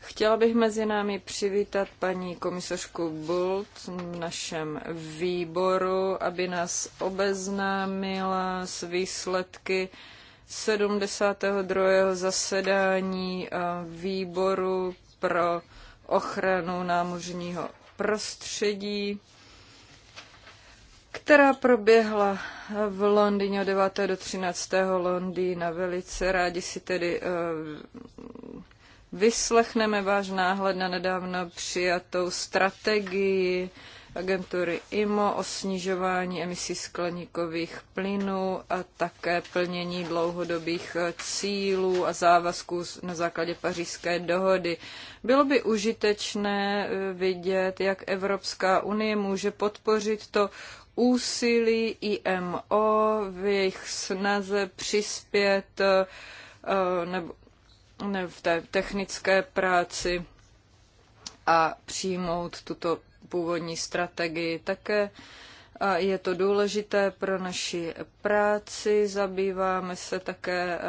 Chtěla bych mezi námi přivítat paní komisařku Bult v našem výboru, aby nás obeznámila s výsledky 72. zasedání eh, výboru pro ochranu námořního prostředí která proběhla v Londýně od 9. do 13. Londýna. Velice rádi si tedy eh, vyslechneme váš náhled na nedávno přijatou strategii agentury IMO o snižování emisí skleníkových plynů a také plnění dlouhodobých eh, cílů a závazků na základě pařížské dohody. Bylo by užitečné eh, vidět, jak Evropská unie může podpořit to úsilí IMO v jejich snaze přispět eh, nebo ne, v té technické práci a přijmout tuto původní strategii. Také je to důležité pro naši práci. Zabýváme se také eh,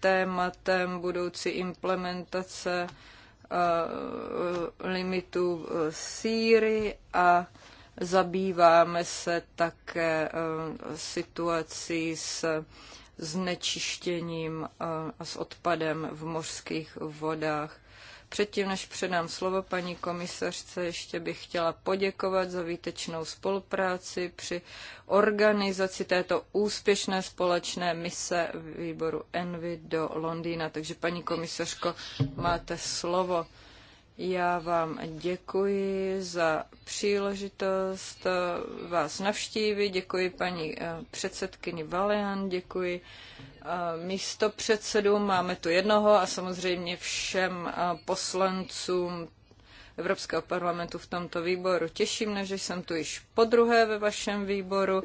tématem budoucí implementace eh, limitů síry a Zabýváme se také eh, situací s znečištěním eh, a s odpadem v mořských vodách. Předtím, než předám slovo paní komisařce, ještě bych chtěla poděkovat za výtečnou spolupráci při organizaci této úspěšné společné mise výboru Envy do Londýna. Takže paní komisařko, máte slovo. Já vám děkuji za příležitost eh, vás navštívit, děkuji paní eh, předsedkyni Valian, děkuji eh, místo předsedům, máme tu jednoho a samozřejmě všem poslancům Evropského parlamentu v tomto výboru. Těším mne, že jsem tu již po druhé ve vašem výboru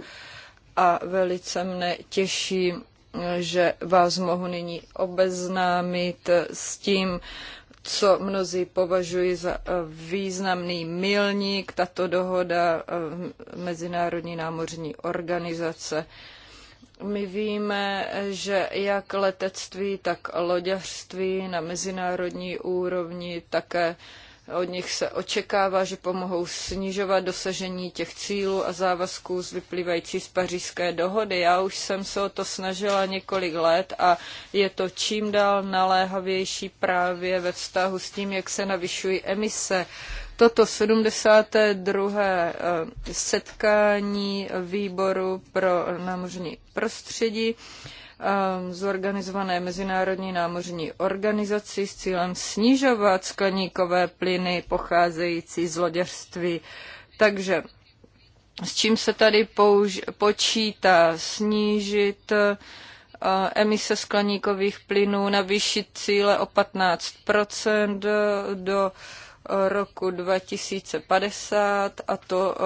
a velice mne těší, že vás mohu nyní obeznámit s tím, co mnozí považují za eh, významný milník, tato dohoda eh, Mezinárodní námořní organizace. My víme, že jak letectví, tak loďařství na mezinárodní úrovni také od nich se očekává, že pomohou snižovat dosažení těch cílů a závazků z vyplývající z pařížské dohody. Já už jsem se o to snažila několik let a je to čím dál naléhavější právě ve vztahu s tím, jak se navyšují emise. Toto 72. Eh, setkání výboru pro námořní prostředí zorganizované Mezinárodní námořní organizaci s cílem snižovat skleníkové plyny pocházející z loděřství. Takže s čím se tady použ- počítá snížit emise skleníkových plynů, navýšit cíle o 15 do roku 2050 a to e,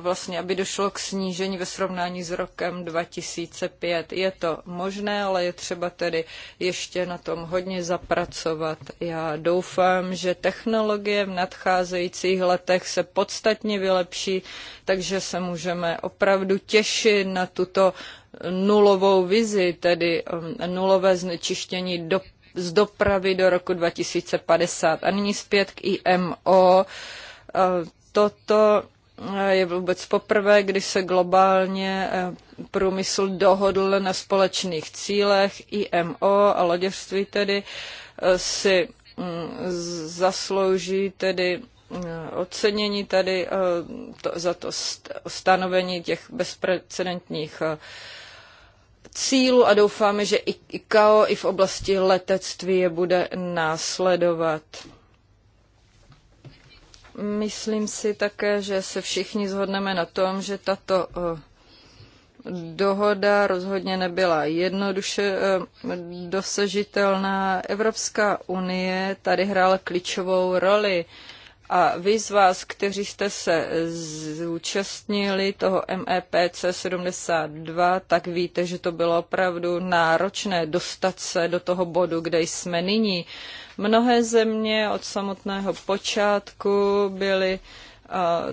vlastně, aby došlo k snížení ve srovnání s rokem 2005. Je to možné, ale je třeba tedy ještě na tom hodně zapracovat. Já doufám, že technologie v nadcházejících letech se podstatně vylepší, takže se můžeme opravdu těšit na tuto nulovou vizi, tedy e, nulové znečištění do z dopravy do roku 2050. A nyní zpět k IMO. E, toto e, je vůbec poprvé, kdy se globálně e, průmysl dohodl na společných cílech IMO a loděřství tedy si mm, zaslouží tedy ocenění tady to, za to stanovení těch bezprecedentních cílů a doufáme, že i ICAO i v oblasti letectví je bude následovat. Myslím si také, že se všichni zhodneme na tom, že tato eh, dohoda rozhodně nebyla jednoduše eh, dosažitelná. Evropská unie tady hrála klíčovou roli. A vy z vás, kteří jste se zúčastnili toho MEPC 72, tak víte, že to bylo opravdu náročné dostat se do toho bodu, kde jsme nyní. Mnohé země od samotného počátku byly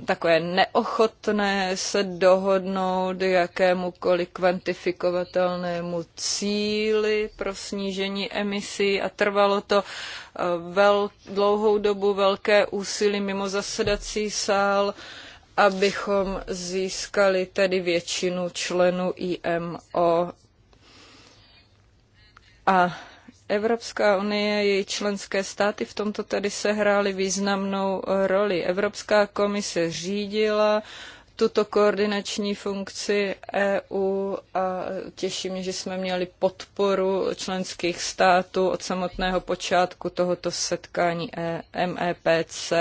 takové neochotné se dohodnout jakémukoliv kvantifikovatelnému cíli pro snížení emisí a trvalo to vel, dlouhou dobu velké úsilí mimo zasedací sál, abychom získali tedy většinu členů IMO. A Evropská unie, její členské státy v tomto tedy sehrály významnou roli. Evropská komise řídila tuto koordinační funkci EU a těší mě, že jsme měli podporu členských států od samotného počátku tohoto setkání e- MEPC.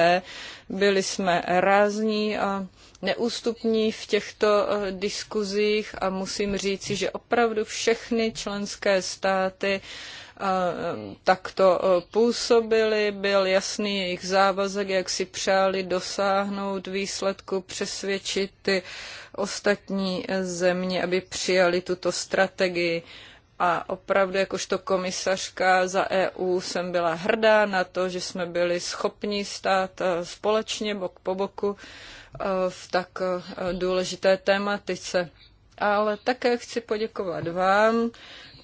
Byli jsme rázní a neústupní v těchto e, diskuzích a musím říci, že opravdu všechny členské státy uh, takto e, působili, byl jasný jejich závazek, jak si přáli dosáhnout výsledku, přesvědčit ty ostatní e, země, aby přijali tuto strategii. A opravdu, jakožto komisařka za EU, jsem byla hrdá na to, že jsme byli schopni stát e, společně bok po boku v tak důležité tématice. Ale také chci poděkovat vám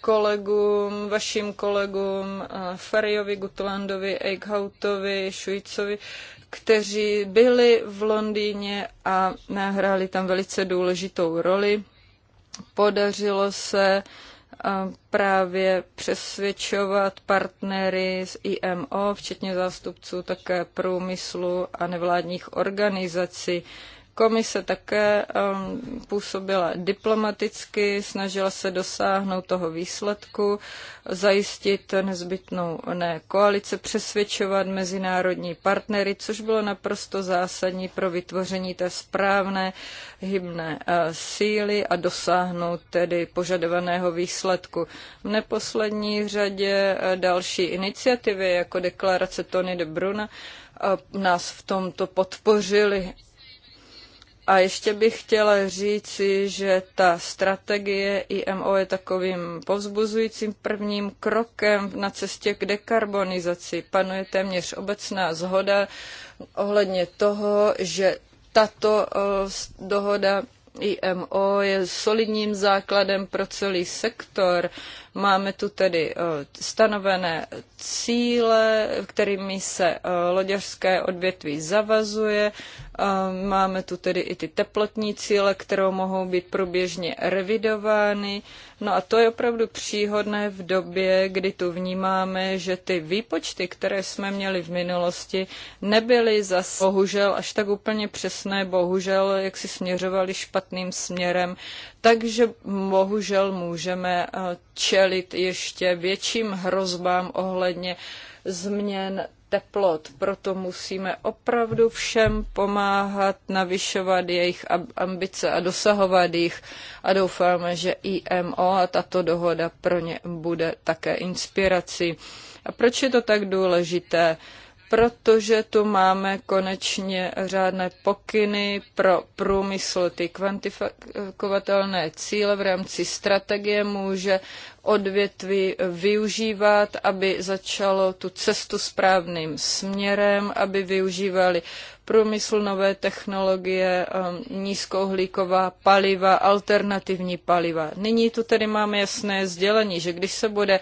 kolegům, vašim kolegům, eh, Feriovi, Gutlandovi, Eichhoutovi, Šujcovi, kteří byli v Londýně a nahráli tam velice důležitou roli. Podařilo se eh, právě přesvědčovat partnery z IMO, včetně zástupců také průmyslu a nevládních organizací. Komise také um, působila diplomaticky, snažila se dosáhnout toho výsledku, zajistit nezbytnou ne, koalice, přesvědčovat mezinárodní partnery, což bylo naprosto zásadní pro vytvoření té správné hybné uh, síly a dosáhnout tedy požadovaného výsledku. V neposlední řadě uh, další iniciativy, jako deklarace Tony de Bruna, uh, nás v tomto podpořili a ještě bych chtěla říci, že ta strategie IMO je takovým povzbuzujícím prvním krokem na cestě k dekarbonizaci. Panuje téměř obecná zhoda ohledně toho, že tato eh, dohoda IMO je solidním základem pro celý sektor Máme tu tedy eh, stanovené cíle, kterými se eh, loďařské odvětví zavazuje. Eh, máme tu tedy i ty teplotní cíle, které mohou být průběžně revidovány. No a to je opravdu příhodné v době, kdy tu vnímáme, že ty výpočty, které jsme měli v minulosti, nebyly zase bohužel až tak úplně přesné, bohužel jak si směřovaly špatným směrem, takže bohužel můžeme eh, čelit ještě větším hrozbám ohledně změn teplot. Proto musíme opravdu všem pomáhat navyšovat jejich ambice a dosahovat jich. A doufáme, že IMO a tato dohoda pro ně bude také inspirací. A proč je to tak důležité? protože tu máme konečně řádné pokyny pro průmysl. Ty kvantifikovatelné cíle v rámci strategie může odvětví využívat, aby začalo tu cestu správným směrem, aby využívali průmysl, nové technologie, um, nízkouhlíková paliva, alternativní paliva. Nyní tu tedy máme jasné sdělení, že když se bude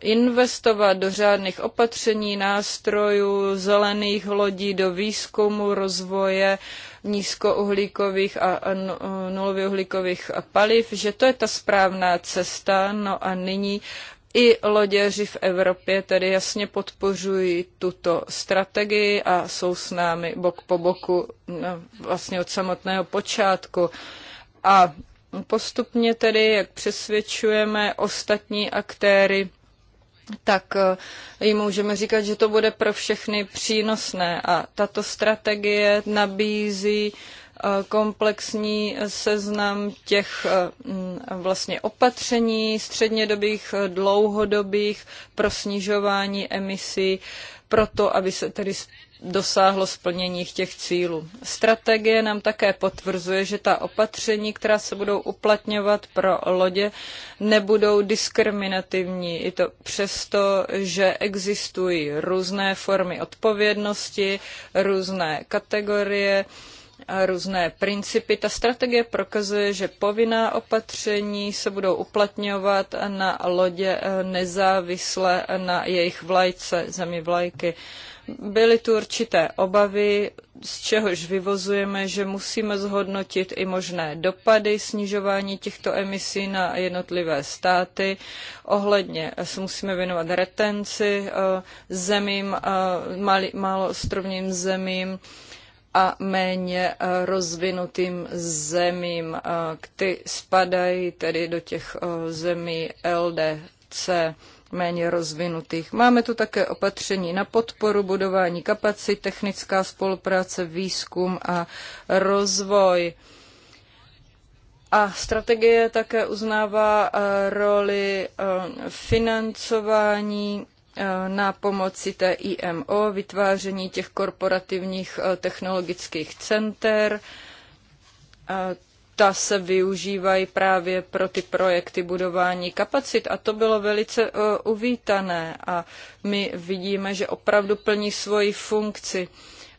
investovat do řádných opatření, nástrojů, zelených lodí, do výzkumu, rozvoje nízkouhlíkových a nulově uhlíkových paliv, že to je ta správná cesta. No a nyní i loděři v Evropě tedy jasně podpořují tuto strategii a jsou s námi bok po boku no, vlastně od samotného počátku. A postupně tedy, jak přesvědčujeme ostatní aktéry, tak eh, jim můžeme říkat, že to bude pro všechny přínosné. A tato strategie nabízí eh, komplexní seznam těch eh, mm, vlastně opatření střednědobých, dlouhodobých pro snižování emisí, proto aby se tedy dosáhlo splnění těch cílů. Strategie nám také potvrzuje, že ta opatření, která se budou uplatňovat pro lodě, nebudou diskriminativní. I to přesto, že existují různé formy odpovědnosti, různé kategorie, různé principy. Ta strategie prokazuje, že povinná opatření se budou uplatňovat na lodě nezávisle na jejich vlajce, zemi vlajky. Byly tu určité obavy, z čehož vyvozujeme, že musíme zhodnotit i možné dopady snižování těchto emisí na jednotlivé státy. Ohledně se musíme věnovat retenci eh, zemím, eh, málo ostrovním zemím a méně eh, rozvinutým zemím, eh, ty spadají tedy do těch eh, zemí LDC méně rozvinutých. Máme tu také opatření na podporu budování kapacit, technická spolupráce, výzkum a rozvoj. A strategie také uznává roli financování Eh, na pomoci té IMO, vytváření těch korporativních eh, technologických center. Ta se využívají právě pro ty projekty budování kapacit a to bylo velice eh, uvítané a my vidíme, že opravdu plní svoji funkci.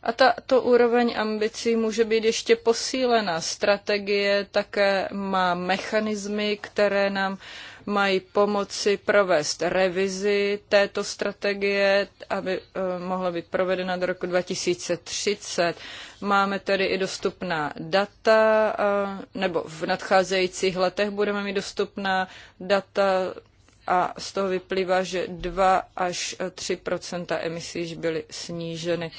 A ta, to úroveň ambicí může být ještě posílena. Strategie také má mechanismy, které nám uh, mají pomoci provést revizi této strategie, aby eh, mohla být provedena do roku 2030. Máme tedy i dostupná data, eh, nebo v nadcházejících letech budeme mít dostupná data a z toho vyplývá, že 2 až 3 emisí již byly sníženy.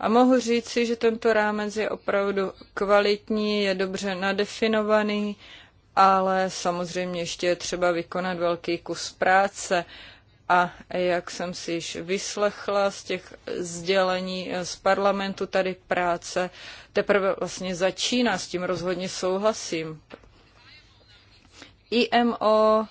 A mohu říci, že tento rámec je opravdu kvalitní, je dobře nadefinovaný ale samozřejmě ještě je třeba vykonat velký kus práce. A jak jsem si již vyslechla z těch sdělení z parlamentu, tady práce teprve vlastně začíná, s tím rozhodně souhlasím. IMO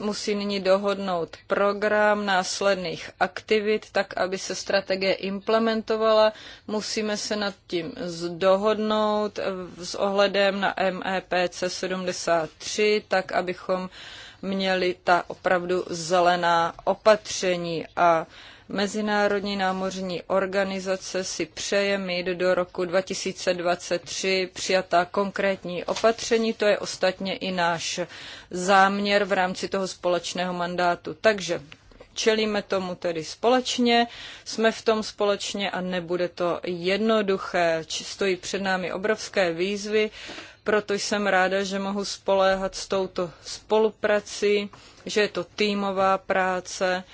musí nyní dohodnout program následných aktivit, tak aby se strategie implementovala. Musíme se nad tím dohodnout eh, s ohledem na MEPC 73, tak abychom měli ta opravdu zelená opatření a Mezinárodní námořní organizace si přeje mít do roku 2023 přijatá konkrétní opatření, to je ostatně i náš záměr v rámci toho společného mandátu. Takže čelíme tomu tedy společně, jsme v tom společně a nebude to jednoduché. Stojí před námi obrovské výzvy, proto jsem ráda, že mohu spoléhat s touto spoluprací, že je to týmová práce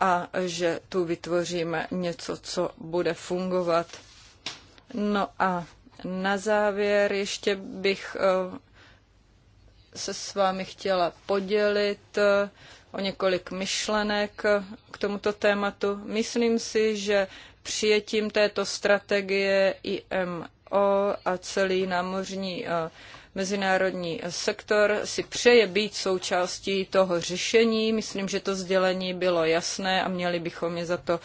a že tu vytvoříme něco, co bude fungovat. No a na závěr ještě bych eh, se s vámi chtěla podělit eh, o několik myšlenek eh, k tomuto tématu. Myslím si, že přijetím této strategie IMO a celý námořní Mezinárodní sektor si přeje být součástí toho řešení. Myslím, že to sdělení bylo jasné a měli bychom je za to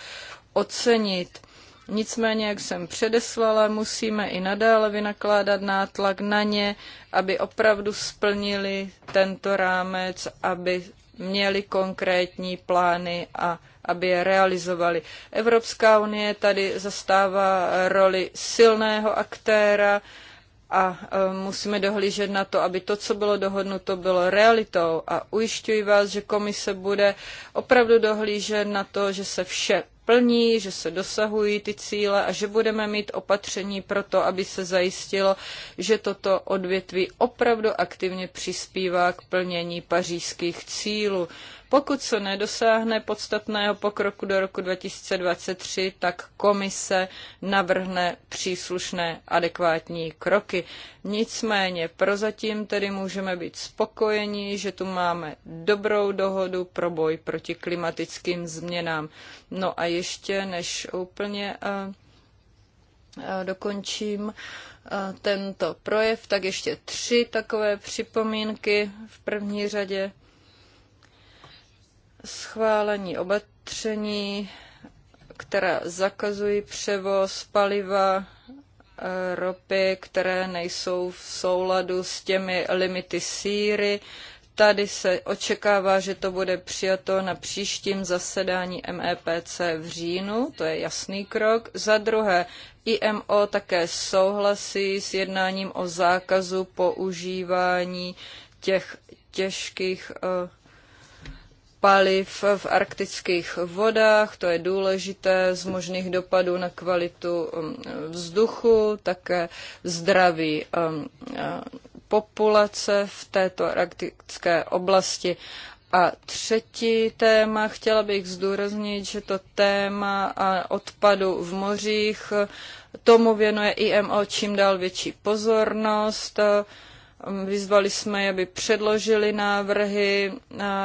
ocenit. Nicméně, jak jsem předeslala, musíme i nadále vynakládat nátlak na ně, aby opravdu splnili tento rámec, aby měli konkrétní plány a aby je realizovali. Evropská unie tady zastává roli silného aktéra, a e, musíme dohlížet na to, aby to, co bylo dohodnuto, bylo realitou. A ujišťuji vás, že komise bude opravdu dohlížet na to, že se vše plní, že se dosahují ty cíle a že budeme mít opatření pro to, aby se zajistilo, že toto odvětví opravdu aktivně přispívá k plnění pařížských cílů. Pokud se nedosáhne podstatného pokroku do roku 2023, tak komise navrhne příslušné adekvátní kroky. Nicméně prozatím tedy můžeme být spokojeni, že tu máme dobrou dohodu pro boj proti klimatickým změnám. No a ještě než úplně eh, eh, dokončím eh, tento projev, tak ještě tři takové připomínky v první řadě schválení obatření, která zakazují převoz paliva eh, ropy, které nejsou v souladu s těmi limity síry. Tady se očekává, že to bude přijato na příštím zasedání MEPC v říjnu, to je jasný krok. Za druhé, IMO také souhlasí s jednáním o zákazu používání těch těžkých uh, paliv v arktických vodách, to je důležité z možných dopadů na kvalitu um, vzduchu, také zdraví um, uh, populace v této arktické oblasti. A třetí téma, chtěla bych zdůraznit, že to téma odpadu v mořích, tomu věnuje IMO čím dál větší pozornost. Ehm, vyzvali jsme je, aby předložili návrhy,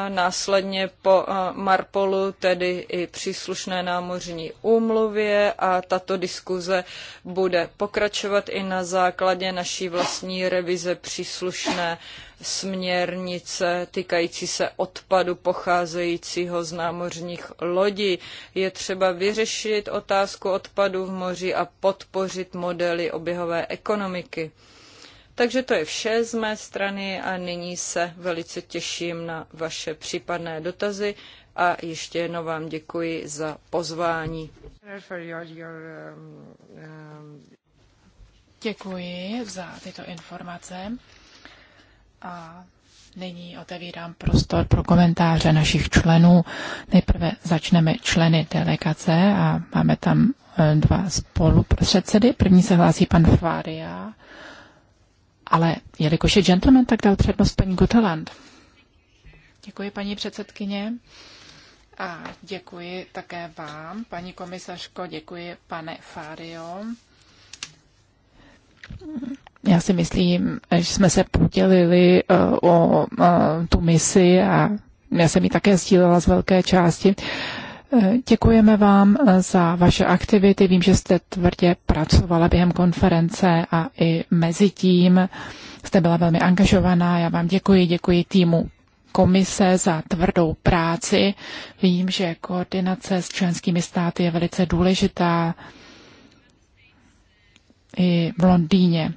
následně po Marpolu, tedy i příslušné námořní úmluvě a tato diskuze bude pokračovat i na základě naší vlastní revize příslušné směrnice týkající se odpadu pocházejícího z námořních lodí. Je třeba vyřešit otázku odpadu v moři a podpořit modely oběhové ekonomiky. Takže to je vše z mé strany a nyní se velice těším na vaše případné dotazy a ještě jednou vám děkuji za pozvání. Děkuji za tyto informace a nyní otevírám prostor pro komentáře našich členů. Nejprve začneme členy delegace a máme tam eh, dva spolupředsedy. První se hlásí pan Fária ale jelikož je gentleman, tak dal přednost paní Guteland. Děkuji, paní předsedkyně. A děkuji také vám, paní komisařko, děkuji, pane Fario. Já si myslím, že jsme se podělili eh, o eh, tu misi a já jsem ji také sdílela z velké části. Děkujeme vám eh, za vaše aktivity. Vím, že jste tvrdě pracovala během konference a i mezi tím jste byla velmi angažovaná. Já vám děkuji, děkuji týmu komise za tvrdou práci. Vím, že koordinace s členskými státy je velice důležitá i v Londýně.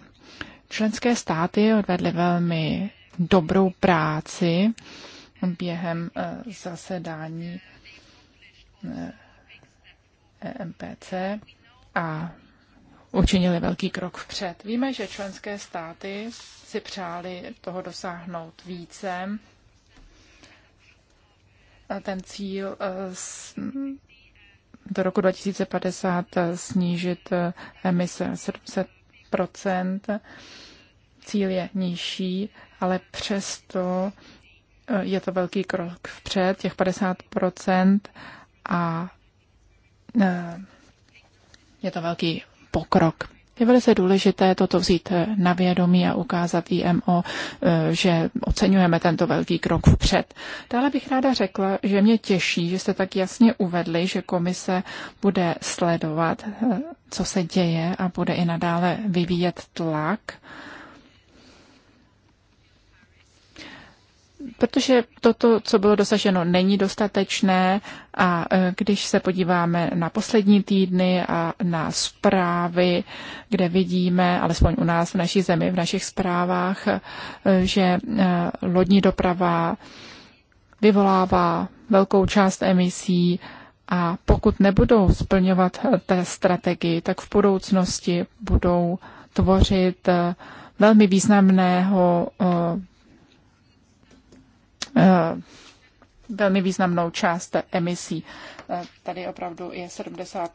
Členské státy odvedly velmi dobrou práci během eh, zasedání E, e MPC a učinili velký krok vpřed. Víme, že členské státy si přáli toho dosáhnout více. Ten cíl e, do roku 2050 snížit emise 700 Cíl je nižší, ale přesto je to velký krok vpřed. Těch 50 a e, je to velký pokrok. Je velice důležité toto vzít na vědomí a ukázat IMO, e, že oceňujeme tento velký krok vpřed. Dále bych ráda řekla, že mě těší, že jste tak jasně uvedli, že komise bude sledovat, e, co se děje a bude i nadále vyvíjet tlak protože toto, co bylo dosaženo, není dostatečné a e, když se podíváme na poslední týdny a na zprávy, kde vidíme, alespoň u nás v naší zemi, v našich zprávách, e, že e, lodní doprava vyvolává velkou část emisí a pokud nebudou splňovat té strategii, tak v budoucnosti budou tvořit velmi významného Eh, velmi významnou část emisí. Eh, tady opravdu je 70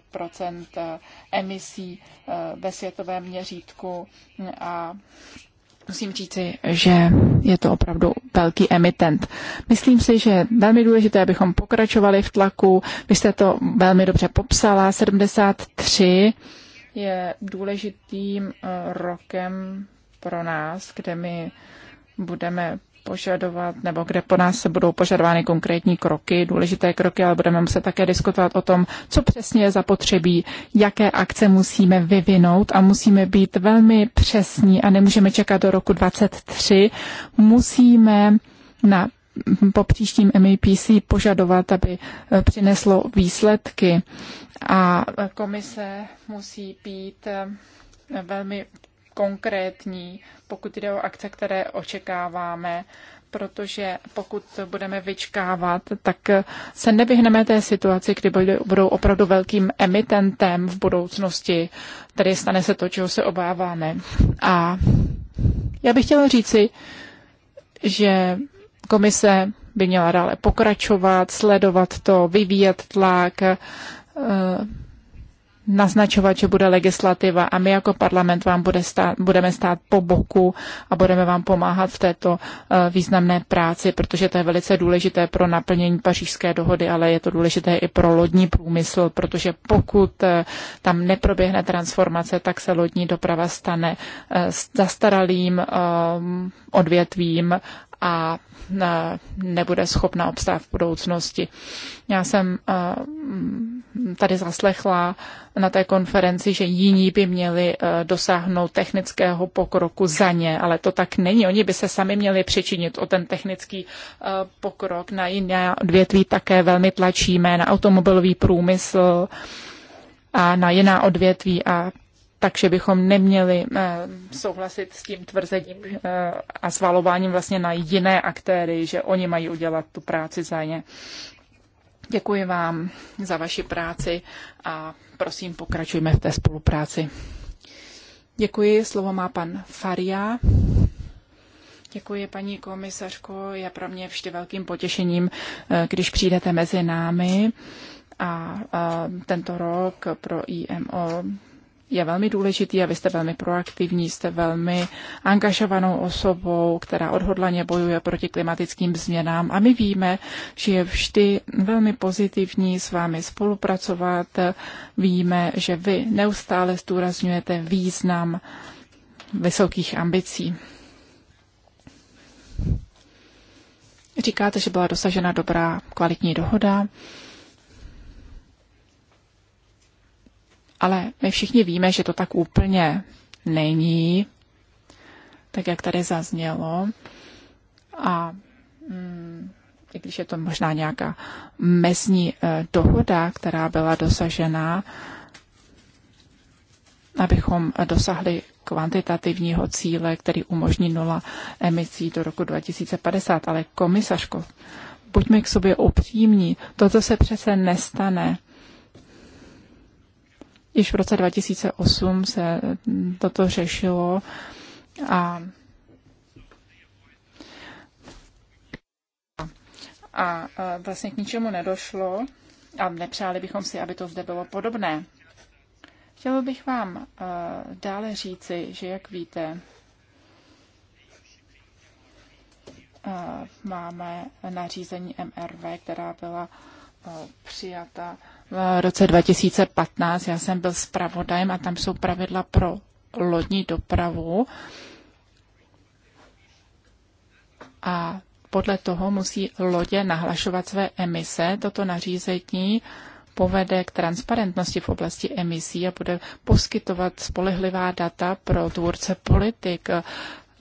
eh, emisí ve světovém měřítku a musím říci, že je to opravdu velký emitent. Myslím si, že je velmi důležité, abychom pokračovali v tlaku. Vy jste to velmi dobře popsala. 73 je důležitým rokem pro nás, kde my budeme požadovat, nebo kde po nás se budou požadovány konkrétní kroky, důležité kroky, ale budeme muset také diskutovat o tom, co přesně je zapotřebí, jaké akce musíme vyvinout a musíme být velmi přesní a nemůžeme čekat do roku 2023. Musíme na po příštím MAPC e požadovat, aby eh, přineslo výsledky a eh, komise musí být eh, velmi konkrétní, pokud jde o akce, které očekáváme, protože pokud budeme vyčkávat, tak se nevyhneme té situaci, kdy budou opravdu velkým emitentem v budoucnosti, tedy stane se to, čeho se obáváme. A já bych chtěla říci, že komise by měla dále pokračovat, sledovat to, vyvíjet tlak, eh, naznačovat, že bude legislativa a my jako parlament vám bude stát, budeme stát po boku a budeme vám pomáhat v této eh, významné práci, protože to je velice důležité pro naplnění pařížské dohody, ale je to důležité i pro lodní průmysl, protože pokud eh, tam neproběhne transformace, tak se lodní doprava stane eh, zastaralým odvětvím a e, nebude schopna obstát v budoucnosti. Já jsem e, tady zaslechla na té konferenci, že jiní by měli e, dosáhnout technického pokroku za ně, ale to tak není. Oni by se sami měli přičinit o ten technický pokrok. Na jiné odvětví také velmi tlačíme, na automobilový průmysl a na jiná odvětví a takže bychom neměli eh, souhlasit s tím tvrzením eh, a svalováním vlastně na jiné aktéry, že oni mají udělat tu práci za ně. Děkuji vám za vaši práci a prosím, pokračujme v té spolupráci. Děkuji, slovo má pan Faria. Děkuji, paní komisařko. Je pro mě vždy velkým potěšením, eh, když přijdete mezi námi a tento rok pro IMO je velmi důležitý a vy jste velmi proaktivní, jste velmi angažovanou osobou, která odhodlaně bojuje proti klimatickým změnám a my víme, že je vždy velmi pozitivní s vámi spolupracovat. Víme, že vy neustále zdůrazňujete význam vysokých ambicí. Říkáte, že byla dosažena dobrá kvalitní dohoda. Ale my všichni víme, že to tak úplně není, tak jak tady zaznělo. A mm, i když je to možná nějaká mezní eh, dohoda, která byla dosažena, abychom dosahli kvantitativního cíle, který umožní nula emisí do roku 2050. Ale komisařko, buďme k sobě upřímní, toto se přece nestane. Již v roce 2008 se toto řešilo a a vlastně k ničemu nedošlo a nepřáli bychom si, aby to zde bylo podobné. Chtěl bych vám e, dále říci, že jak víte, e, máme nařízení MRV, která byla e, přijata v roce 2015. Já jsem byl zpravodajem a tam jsou pravidla pro lodní dopravu. A podle toho musí lodě nahlašovat své emise. Toto nařízení povede k transparentnosti v oblasti emisí a bude poskytovat spolehlivá data pro tvůrce politik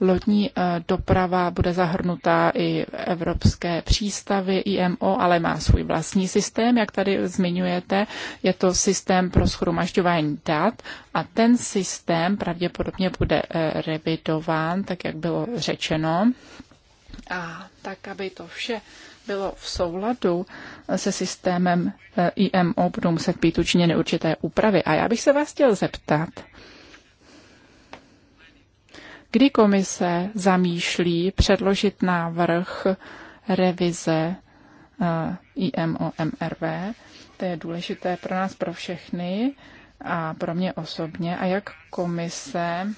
lodní eh, doprava bude zahrnutá i evropské přístavy, IMO, ale má svůj vlastní systém, jak tady zmiňujete. Je to systém pro schromažďování dat a ten systém pravděpodobně bude eh, revidován, tak jak bylo řečeno. A tak, aby to vše bylo v souladu se systémem eh, IMO, budou muset být učiněny určité úpravy. A já bych se vás chtěl zeptat, Kdy komise zamýšlí předložit návrh revize eh, IMOMRV? To je důležité pro nás, pro všechny a pro mě osobně. A jak komise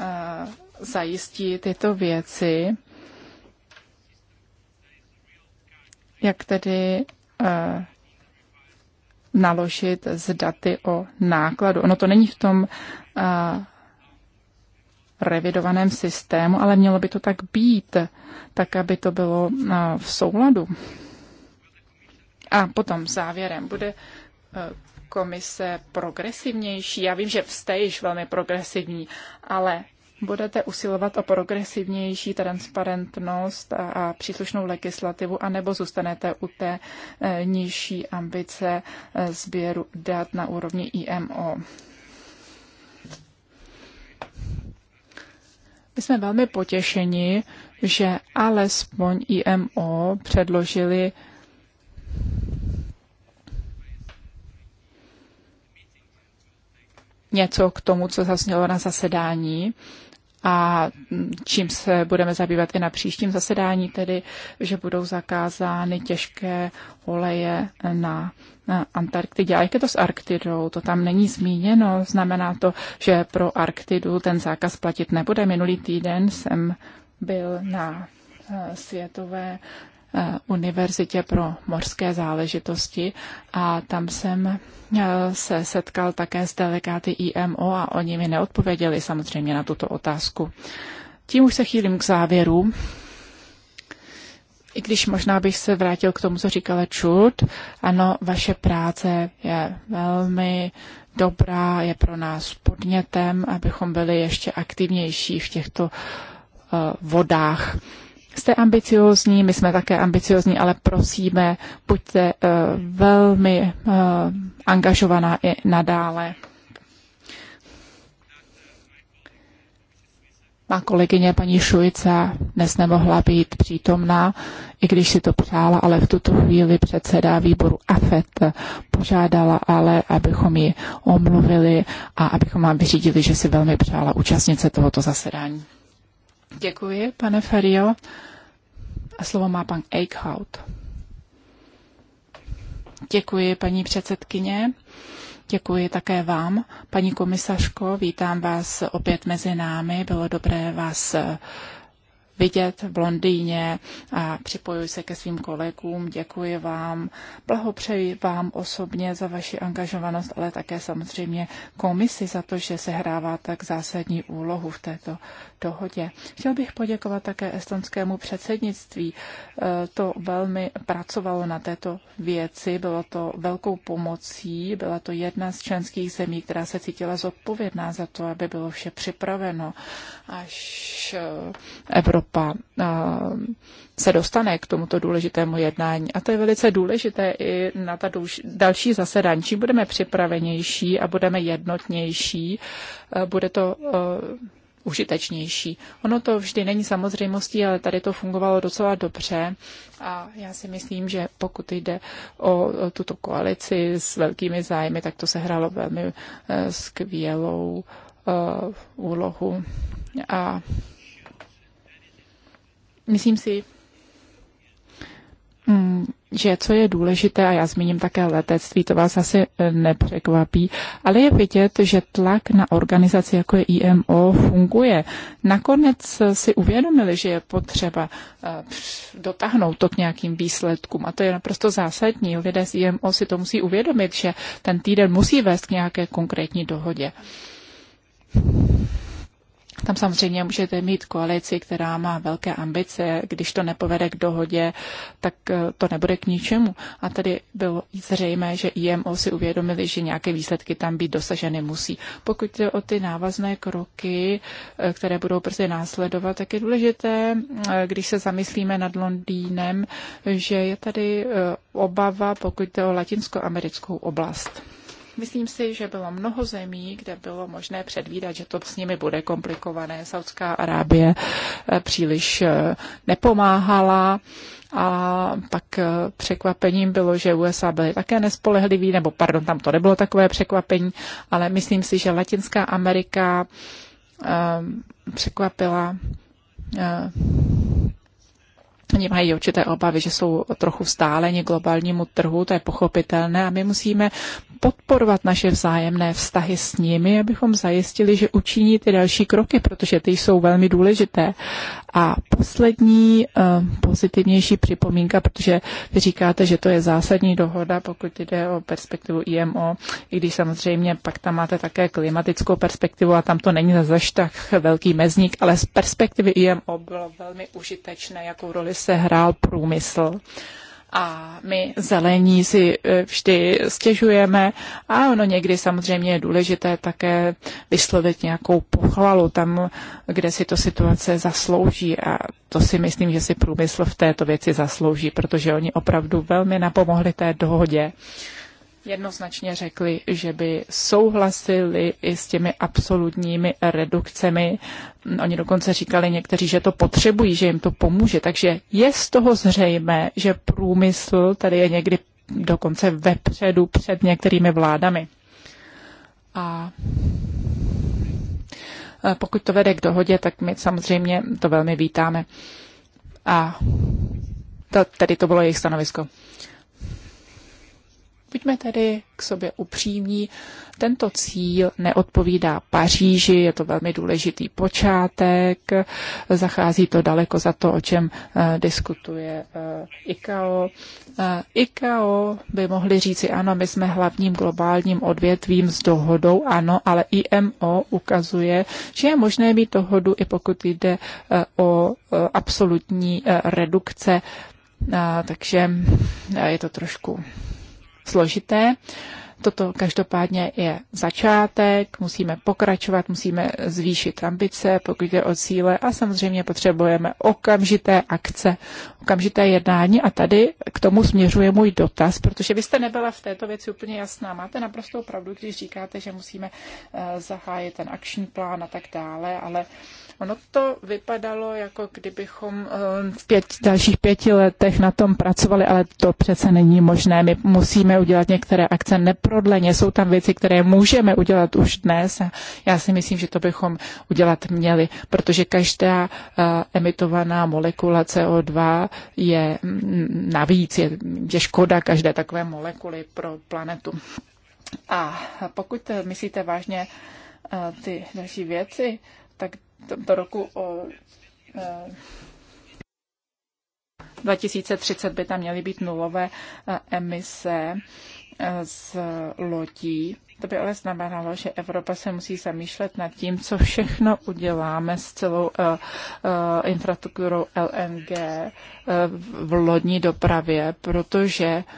eh, zajistí tyto věci? Jak tedy eh, naložit z daty o nákladu. Ono to není v tom revidovaném systému, ale mělo by to tak být, tak aby to bylo v souladu. A potom závěrem bude e, komise progresivnější. Já vím, že jste již velmi progresivní, ale budete usilovat o progresivnější transparentnost a, a příslušnou legislativu, anebo zůstanete u té e, nižší ambice e, sběru dat na úrovni IMO. My jsme velmi potěšeni, že alespoň IMO předložili něco k tomu, co zasnělo na zasedání a čím se budeme zabývat i na příštím zasedání, tedy, že budou zakázány těžké oleje na, na Antarktidě. A jak je to s Arktidou? To tam není zmíněno. Znamená to, že pro Arktidu ten zákaz platit nebude. Minulý týden jsem byl na eh, světové Eh, univerzitě pro mořské záležitosti a tam jsem eh, se setkal také s delegáty IMO a oni mi neodpověděli samozřejmě na tuto otázku. Tím už se chýlím k závěru. I když možná bych se vrátil k tomu, co říkala Čud, ano, vaše práce je velmi dobrá, je pro nás podnětem, abychom byli ještě aktivnější v těchto uh, vodách. Jste ambiciozní, my jsme také ambiciozní, ale prosíme, buďte uh, velmi uh, angažovaná i nadále. Má kolegyně paní Šujce dnes nemohla být přítomná, i když si to přála, ale v tuto chvíli předseda výboru AFET požádala ale, abychom ji omluvili a abychom vám vyřídili, že si velmi přála účastnit se tohoto zasedání. Děkuji, pane Ferio. A slovo má pan Eichhout. Děkuji, paní předsedkyně. Děkuji také vám, paní komisařko. Vítám vás opět mezi námi. Bylo dobré vás vidět v Londýně a připojuji se ke svým kolegům. Děkuji vám, blahopřeji vám osobně za vaši angažovanost, ale také samozřejmě komisi za to, že se hrává tak zásadní úlohu v této dohodě. Chtěl bych poděkovat také estonskému předsednictví. E, to velmi pracovalo na této věci, bylo to velkou pomocí, byla to jedna z členských zemí, která se cítila zodpovědná za to, aby bylo vše připraveno, až e, Evropa Evropa eh, se dostane k tomuto důležitému jednání. A to je velice důležité i na ta další zasedání. Čím budeme připravenější a budeme jednotnější, eh, bude to eh, užitečnější. Ono to vždy není samozřejmostí, ale tady to fungovalo docela dobře a já si myslím, že pokud jde o tuto koalici s velkými zájmy, tak to se hrálo velmi skvělou úlohu. A Myslím si, mm, že co je důležité, a já zmíním také letectví, to vás asi eh, nepřekvapí, ale je vidět, že tlak na organizaci jako je IMO funguje. Nakonec eh, si uvědomili, že je potřeba eh, dotáhnout to k nějakým výsledkům a to je naprosto zásadní. Lidé z IMO si to musí uvědomit, že ten týden musí vést k nějaké konkrétní dohodě. Tam samozřejmě můžete mít koalici, která má velké ambice. Když to nepovede k dohodě, tak eh, to nebude k ničemu. A tady bylo zřejmé, že IMO si uvědomili, že nějaké výsledky tam být dosaženy musí. Pokud jde o ty návazné kroky, eh, které budou brzy následovat, tak je důležité, eh, když se zamyslíme nad Londýnem, že je tady obava, pokud jde o latinskoamerickou oblast. Myslím si, že bylo mnoho zemí, kde bylo možné předvídat, že to s nimi bude komplikované. Saudská Arábie eh, příliš eh, nepomáhala a pak eh, překvapením bylo, že USA byly také nespolehliví, nebo pardon, tam to nebylo takové překvapení, ale myslím si, že Latinská Amerika ehm, překvapila Oni mají určité obavy, že jsou trochu vzdáleni globálnímu trhu, to je pochopitelné a my musíme podporovat naše vzájemné vztahy s nimi, abychom zajistili, že učiní ty další kroky, protože ty jsou velmi důležité. A poslední eh, pozitivnější připomínka, protože vy říkáte, že to je zásadní dohoda, pokud jde o perspektivu IMO, i když samozřejmě pak tam máte také klimatickou perspektivu a tam to není zase tak velký mezník, ale z perspektivy IMO bylo velmi užitečné, jakou roli se hrál průmysl a my zelení si e, vždy stěžujeme a ono někdy samozřejmě je důležité také vyslovit nějakou pochvalu tam, kde si to situace zaslouží a to si myslím, že si průmysl v této věci zaslouží, protože oni opravdu velmi napomohli té dohodě. Uh, jednoznačně řekli, že by souhlasili i s těmi absolutními redukcemi. Oni dokonce říkali někteří, že to potřebují, že jim to pomůže. Takže je z toho zřejmé, že průmysl tady je někdy dokonce vepředu před některými vládami. A pokud to vede k dohodě, tak my samozřejmě to velmi vítáme. A to, tedy to bylo jejich stanovisko. Buďme tedy k sobě upřímní. Tento cíl neodpovídá Paříži, je to velmi důležitý počátek, zachází to daleko za to, o čem eh, diskutuje eh, ICAO. Eh, ICAO by mohli říci, ano, my jsme hlavním globálním odvětvím s dohodou, ano, ale IMO ukazuje, že je možné mít dohodu, i pokud jde o absolutní redukce. Takže je to trošku složité. Toto každopádně je začátek, musíme pokračovat, musíme zvýšit ambice, pokud jde o cíle a samozřejmě potřebujeme okamžité akce, okamžité jednání a tady k tomu směřuje můj dotaz, protože vy jste nebyla v této věci úplně jasná. Máte naprosto pravdu, když říkáte, že musíme eh, zahájit ten akční plán a tak dále, ale Ono to vypadalo, jako kdybychom eh, v pět, dalších pěti letech na tom pracovali, ale to přece není možné. My musíme udělat některé akce neprodleně. Jsou tam věci, které můžeme udělat už dnes a já si myslím, že to bychom udělat měli, protože každá eh, emitovaná molekula CO2 je mm, navíc, je, je škoda každé takové molekuly pro planetu. A pokud myslíte vážně eh, ty další věci, tak tomto roku o 2030 eh, by tam měly být nulové eh, emise eh, z lodí. To by ale znamenalo, že Evropa se musí zamýšlet nad tím, co všechno uděláme s celou uh, uh, infrastrukturou LNG uh, v lodní dopravě, protože uh,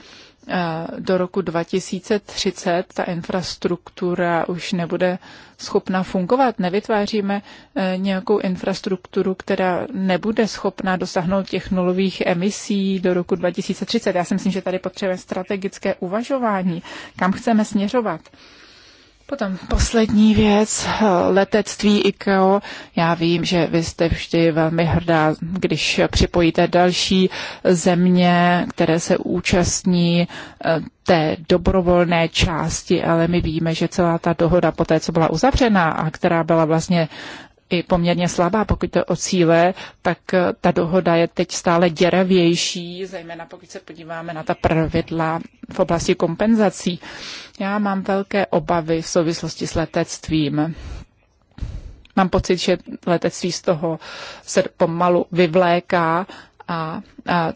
do roku 2030 ta infrastruktura už nebude schopna fungovat. Nevytváříme e, nějakou infrastrukturu, která nebude schopna dosáhnout těch nulových emisí do roku 2030. Já si myslím, že tady potřebujeme strategické uvažování, kam chceme směřovat. Potom poslední věc, letectví ICAO. Já vím, že vy jste vždy velmi hrdá, když připojíte další země, které se účastní eh, té dobrovolné části, ale my víme, že celá ta dohoda po té, co byla uzavřena, a která byla vlastně i poměrně slabá, pokud to o cíle, tak eh, ta dohoda je teď stále děravější, zejména pokud se podíváme na ta pravidla v oblasti kompenzací. Já mám velké obavy v souvislosti s letectvím. Mám pocit, že letectví z toho se pomalu vyvléká a,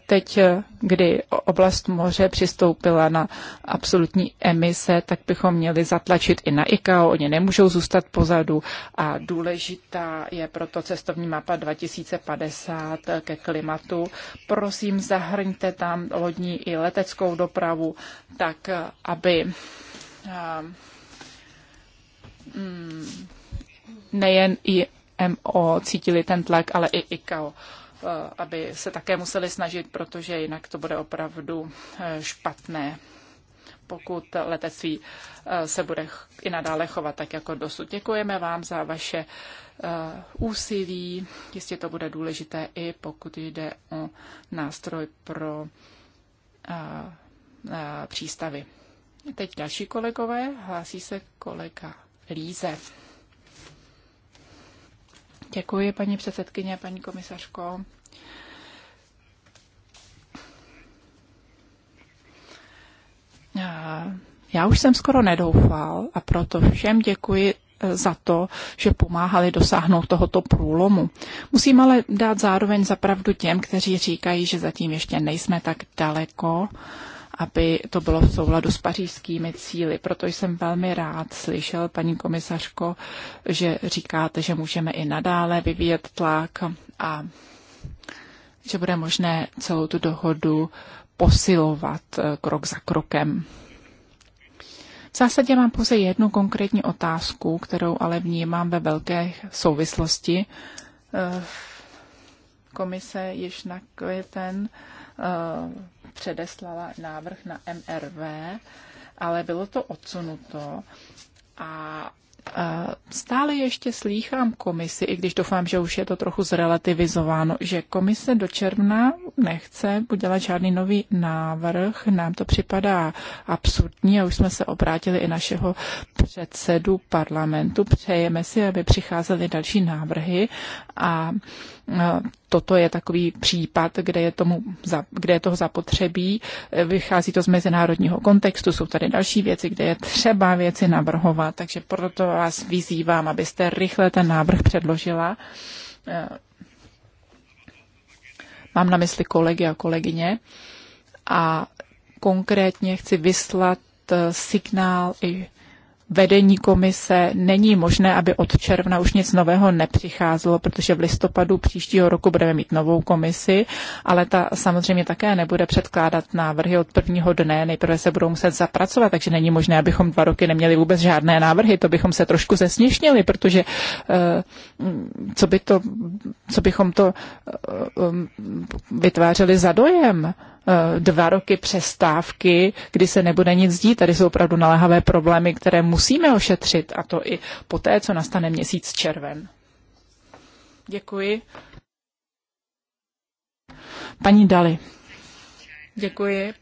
teď, kdy oblast moře přistoupila na absolutní emise, tak bychom měli zatlačit i na ICAO. Oni nemůžou zůstat pozadu a důležitá je proto cestovní mapa 2050 ke klimatu. Prosím, zahrňte tam lodní i leteckou dopravu, tak aby mm, nejen IMO cítili ten tlak, ale i ICAO. Eh, aby se také museli snažit, protože jinak to bude opravdu eh, špatné pokud letectví eh, se bude i nadále chovat tak jako dosud. Děkujeme vám za vaše úsilí. Jistě to bude důležité i pokud jde o nástroj pro přístavy. Teď další kolegové. Hlásí se kolega Líze. Děkuji, paní předsedkyně, paní komisařko. Já už jsem skoro nedoufal a proto všem děkuji eh, za to, že pomáhali dosáhnout tohoto průlomu. Musím ale dát zároveň zapravdu těm, kteří říkají, že zatím ještě nejsme tak daleko aby to bylo v souladu s pařížskými cíly. Proto jsem velmi rád slyšel, paní komisařko, že říkáte, že můžeme i nadále vyvíjet tlak a že bude možné celou tu dohodu posilovat eh, krok za krokem. V zásadě mám pouze jednu konkrétní otázku, kterou ale vnímám ve velké souvislosti. Eh, komise již na květen eh, předeslala návrh na MRV, ale bylo to odsunuto a Stále ještě slýchám komisi, i když doufám, že už je to trochu zrelativizováno, že komise do června nechce udělat žádný nový návrh. Nám to připadá absurdní a už jsme se obrátili i našeho předsedu parlamentu. Přejeme si, aby přicházely další návrhy a toto je takový případ, kde je, tomu, kde je toho zapotřebí. Vychází to z mezinárodního kontextu, jsou tady další věci, kde je třeba věci navrhovat, takže proto vás vyzývám, abyste rychle ten návrh předložila. Mám na mysli kolegy a kolegyně a konkrétně chci vyslat eh, signál i vedení komise není možné, aby od června už nic nového nepřicházelo, protože v listopadu příštího roku budeme mít novou komisi, ale ta samozřejmě také nebude předkládat návrhy od prvního dne, nejprve se budou muset zapracovat, takže není možné, abychom dva roky neměli vůbec žádné návrhy, to bychom se trošku zesměšnili, protože eh, co, by to, co bychom to eh, um, vytvářeli za dojem? Eh, dva roky přestávky, kdy se nebude nic dít, tady jsou opravdu naléhavé problémy, které musí musíme ošetřit, a to i poté, co nastane měsíc červen. Děkuji. Paní Dali. Děkuji.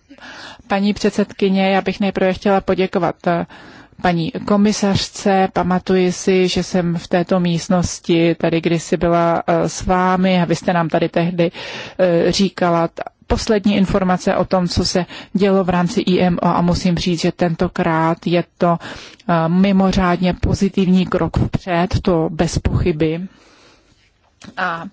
Paní předsedkyně, já bych nejprve chtěla poděkovat eh, paní komisařce. Pamatuji si, že jsem v této místnosti tady kdysi byla eh, s vámi a vy jste nám tady tehdy eh, říkala poslední informace o tom, co se dělo v rámci IMO a musím říct, že tentokrát je to eh, mimořádně pozitivní krok vpřed, to bez pochyby. A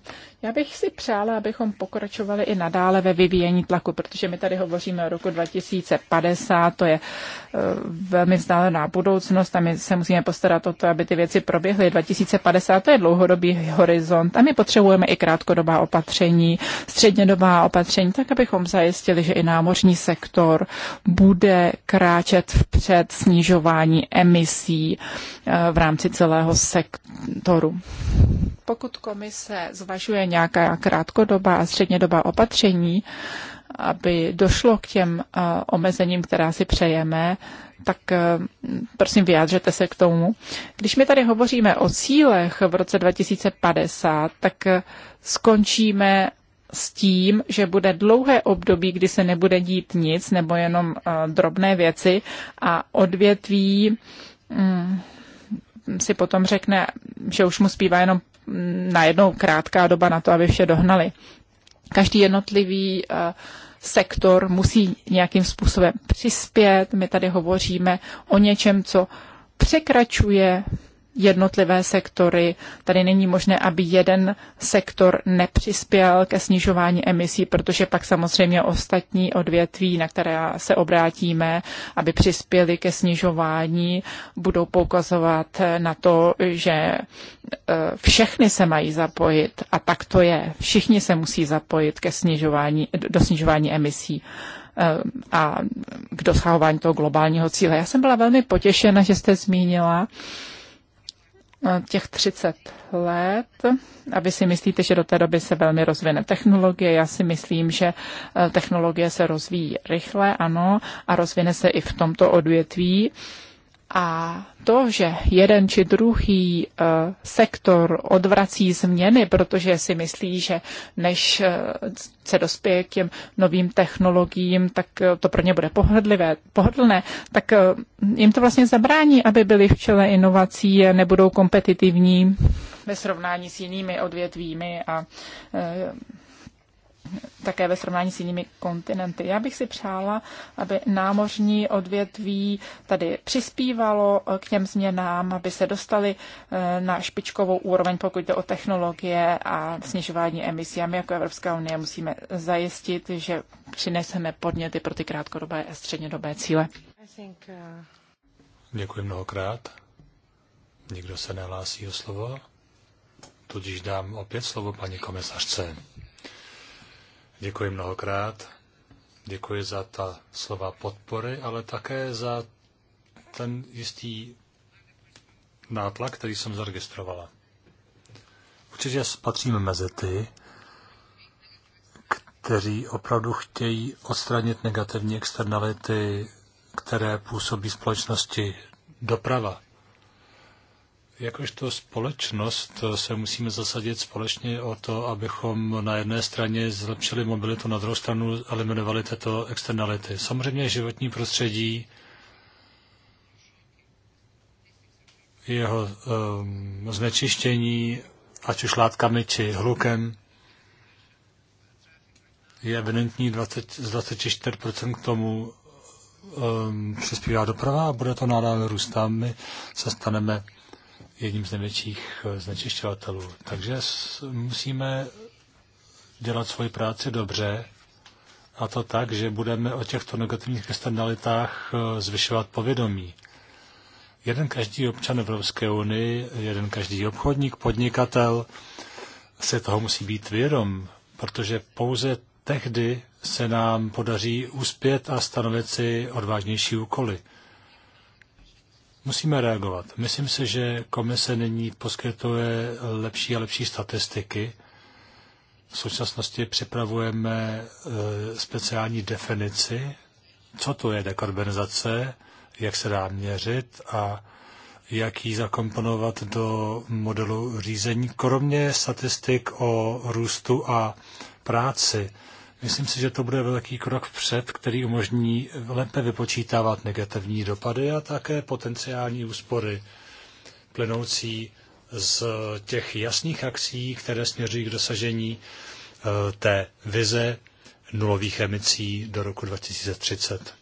já bych si přála, abychom pokračovali i nadále ve vyvíjení tlaku, protože my tady hovoříme o roku 2050, to je eh, velmi vzdálená budoucnost a my se musíme postarat o to, aby ty věci proběhly. 2050 to je dlouhodobý horizont a my potřebujeme i krátkodobá opatření, střednědobá opatření, tak abychom zajistili, že i námořní sektor bude kráčet vpřed snižování emisí eh, v rámci celého sektoru. Pokud komise zvažuje nějaká krátkodobá a střednědobá opatření, aby došlo k těm eh, omezením, která si přejeme, tak eh, prosím vyjádřete se k tomu. Když my tady hovoříme o cílech v roce 2050, tak eh, skončíme s tím, že bude dlouhé období, kdy se nebude dít nic nebo jenom drobné věci a odvětví mm, si potom řekne, že už mu zpívá jenom najednou krátká doba na to, aby vše dohnali. Každý jednotlivý eh, sektor musí nějakým způsobem přispět. My tady hovoříme o něčem, co překračuje jednotlivé sektory. Tady není možné, aby jeden sektor nepřispěl ke snižování emisí, protože pak samozřejmě ostatní odvětví, na které se obrátíme, aby přispěli ke snižování, budou poukazovat na to, že e, všechny se mají zapojit a tak to je. Všichni se musí zapojit ke snižování, do snižování emisí e, a k dosahování toho globálního cíle. Já jsem byla velmi potěšena, že jste zmínila, těch 30 let a vy si myslíte, že do té doby se velmi rozvine technologie. Já si myslím, že eh, technologie se rozvíjí rychle, ano, a rozvine se i v tomto odvětví. A to, že jeden či druhý eh, sektor odvrací změny, protože si myslí, že než eh, se dospěje k těm novým technologiím, tak eh, to pro ně bude pohodlivé, pohodlné, tak jim to vlastně zabrání, aby byli v čele inovací, nebudou kompetitivní ve srovnání s jinými odvětvími a také ve srovnání s jinými kontinenty. Já bych si přála, aby námořní odvětví tady přispívalo eh, k těm změnám, aby se dostali eh, na špičkovou úroveň, pokud jde o technologie a snižování emisí. A my jako Evropská unie musíme zajistit, že přineseme podněty pro ty krátkodobé a střednědobé cíle. Uh, Děkuji mnohokrát. Nikdo se nehlásí o slovo, tudíž dám opět slovo paní komisařce. Děkuji mnohokrát. Děkuji za ta slova podpory, ale také za ten jistý nátlak, který jsem zaregistrovala. Určitě patříme mezi ty, kteří opravdu chtějí odstranit negativní externality, které působí společnosti doprava jakožto společnost se musíme zasadit společně o to, abychom na jedné straně zlepšili mobilitu, na druhou stranu eliminovali tyto externality. Samozřejmě životní prostředí, jeho um, znečištění, ať už látkami či hlukem, je evidentní 20, z 24% k tomu um, přispívá doprava a bude to nadále růst. Tam my se staneme jedním z největších eh, znečišťovatelů. Takže musíme dělat svoji práci dobře, a to tak, že budeme o těchto negativních externalitách eh, zvyšovat povědomí. Jeden každý občan Evropské unii, jeden každý obchodník, podnikatel se toho musí být vědom, protože pouze tehdy se nám podaří uspět a stanovit si odvážnější úkoly. Musíme reagovat. Myslím si, že komise nyní poskytuje lepší a lepší statistiky. V současnosti připravujeme eh, speciální definici, co to je dekarbonizace, jak se dá měřit a jak ji zakomponovat do modelu řízení, kromě statistik o růstu a práci. Myslím si, že to bude velký krok vpřed, který umožní lépe vypočítávat negativní dopady a také potenciální úspory plynoucí z těch jasných akcí, které směřují k dosažení eh, té vize nulových emisí do roku 2030.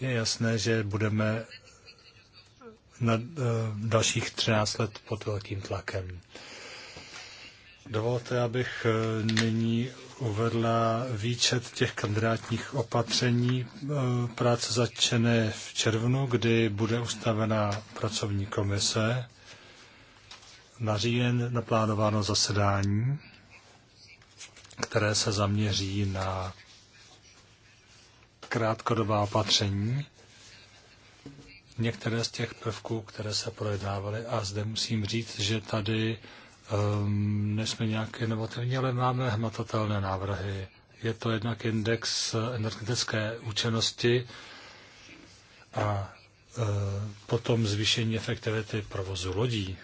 Je jasné, že budeme na eh, dalších 13 let pod velkým tlakem. Dovolte, abych eh, nyní uvedla výčet těch kandidátních opatření e, práce začne v červnu, kdy bude ustavená pracovní komise. Na říjen naplánováno zasedání, které se zaměří na krátkodobá opatření. Některé z těch prvků, které se projednávaly, a zde musím říct, že tady Um, nejsme nějak inovativní, ale máme hmatatelné návrhy. Je to jednak index eh, energetické účinnosti a e, potom zvýšení efektivity provozu lodí.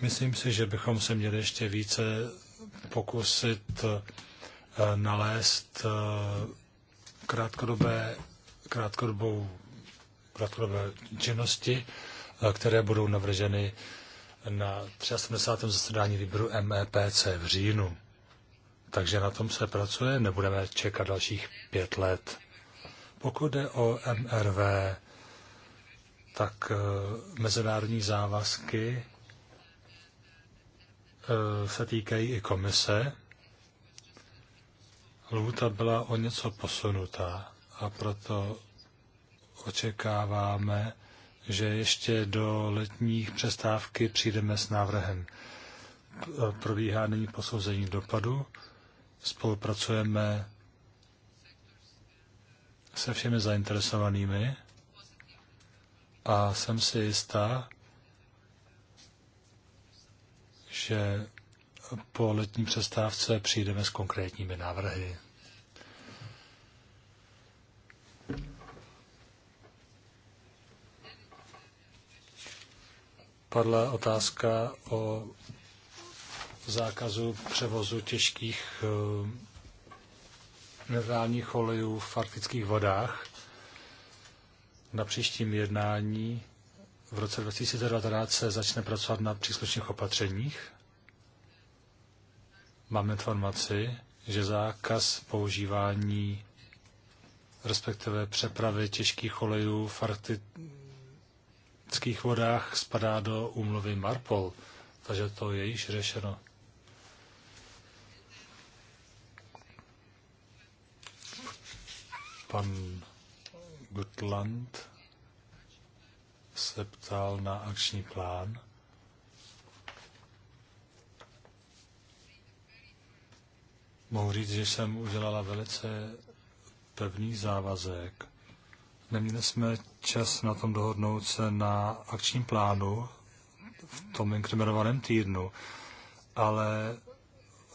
Myslím si, že bychom se měli ještě více pokusit e, nalézt e, krátkodobé, krátkodobou, krátkodobé činnosti, e, které budou navrženy e, na 73. zasedání výboru MEPC v říjnu. Takže na tom se pracuje, nebudeme čekat dalších pět let. Pokud jde o MRV, tak eh, mezinárodní závazky eh, se týkají i komise. Lhůta byla o něco posunutá a proto očekáváme, že ještě do letních přestávky přijdeme s návrhem. Probíhá nyní posouzení dopadu. Spolupracujeme se všemi zainteresovanými a jsem si jistá, že po letní přestávce přijdeme s konkrétními návrhy. padla otázka o zákazu převozu těžkých minerálních eh, olejů v arktických vodách. Na příštím jednání v roce 2019 se začne pracovat na příslušných opatřeních. Mám informaci, že zákaz používání respektive přepravy těžkých olejů v, baltských vodách spadá do úmluvy Marpol, takže to je již řešeno. Pan Gutland se ptal na akční plán. Mohu říct, že jsem udělala velice pevný závazek Neměli jsme čas na tom dohodnout se na akčním plánu v tom inkriminovaném týdnu, ale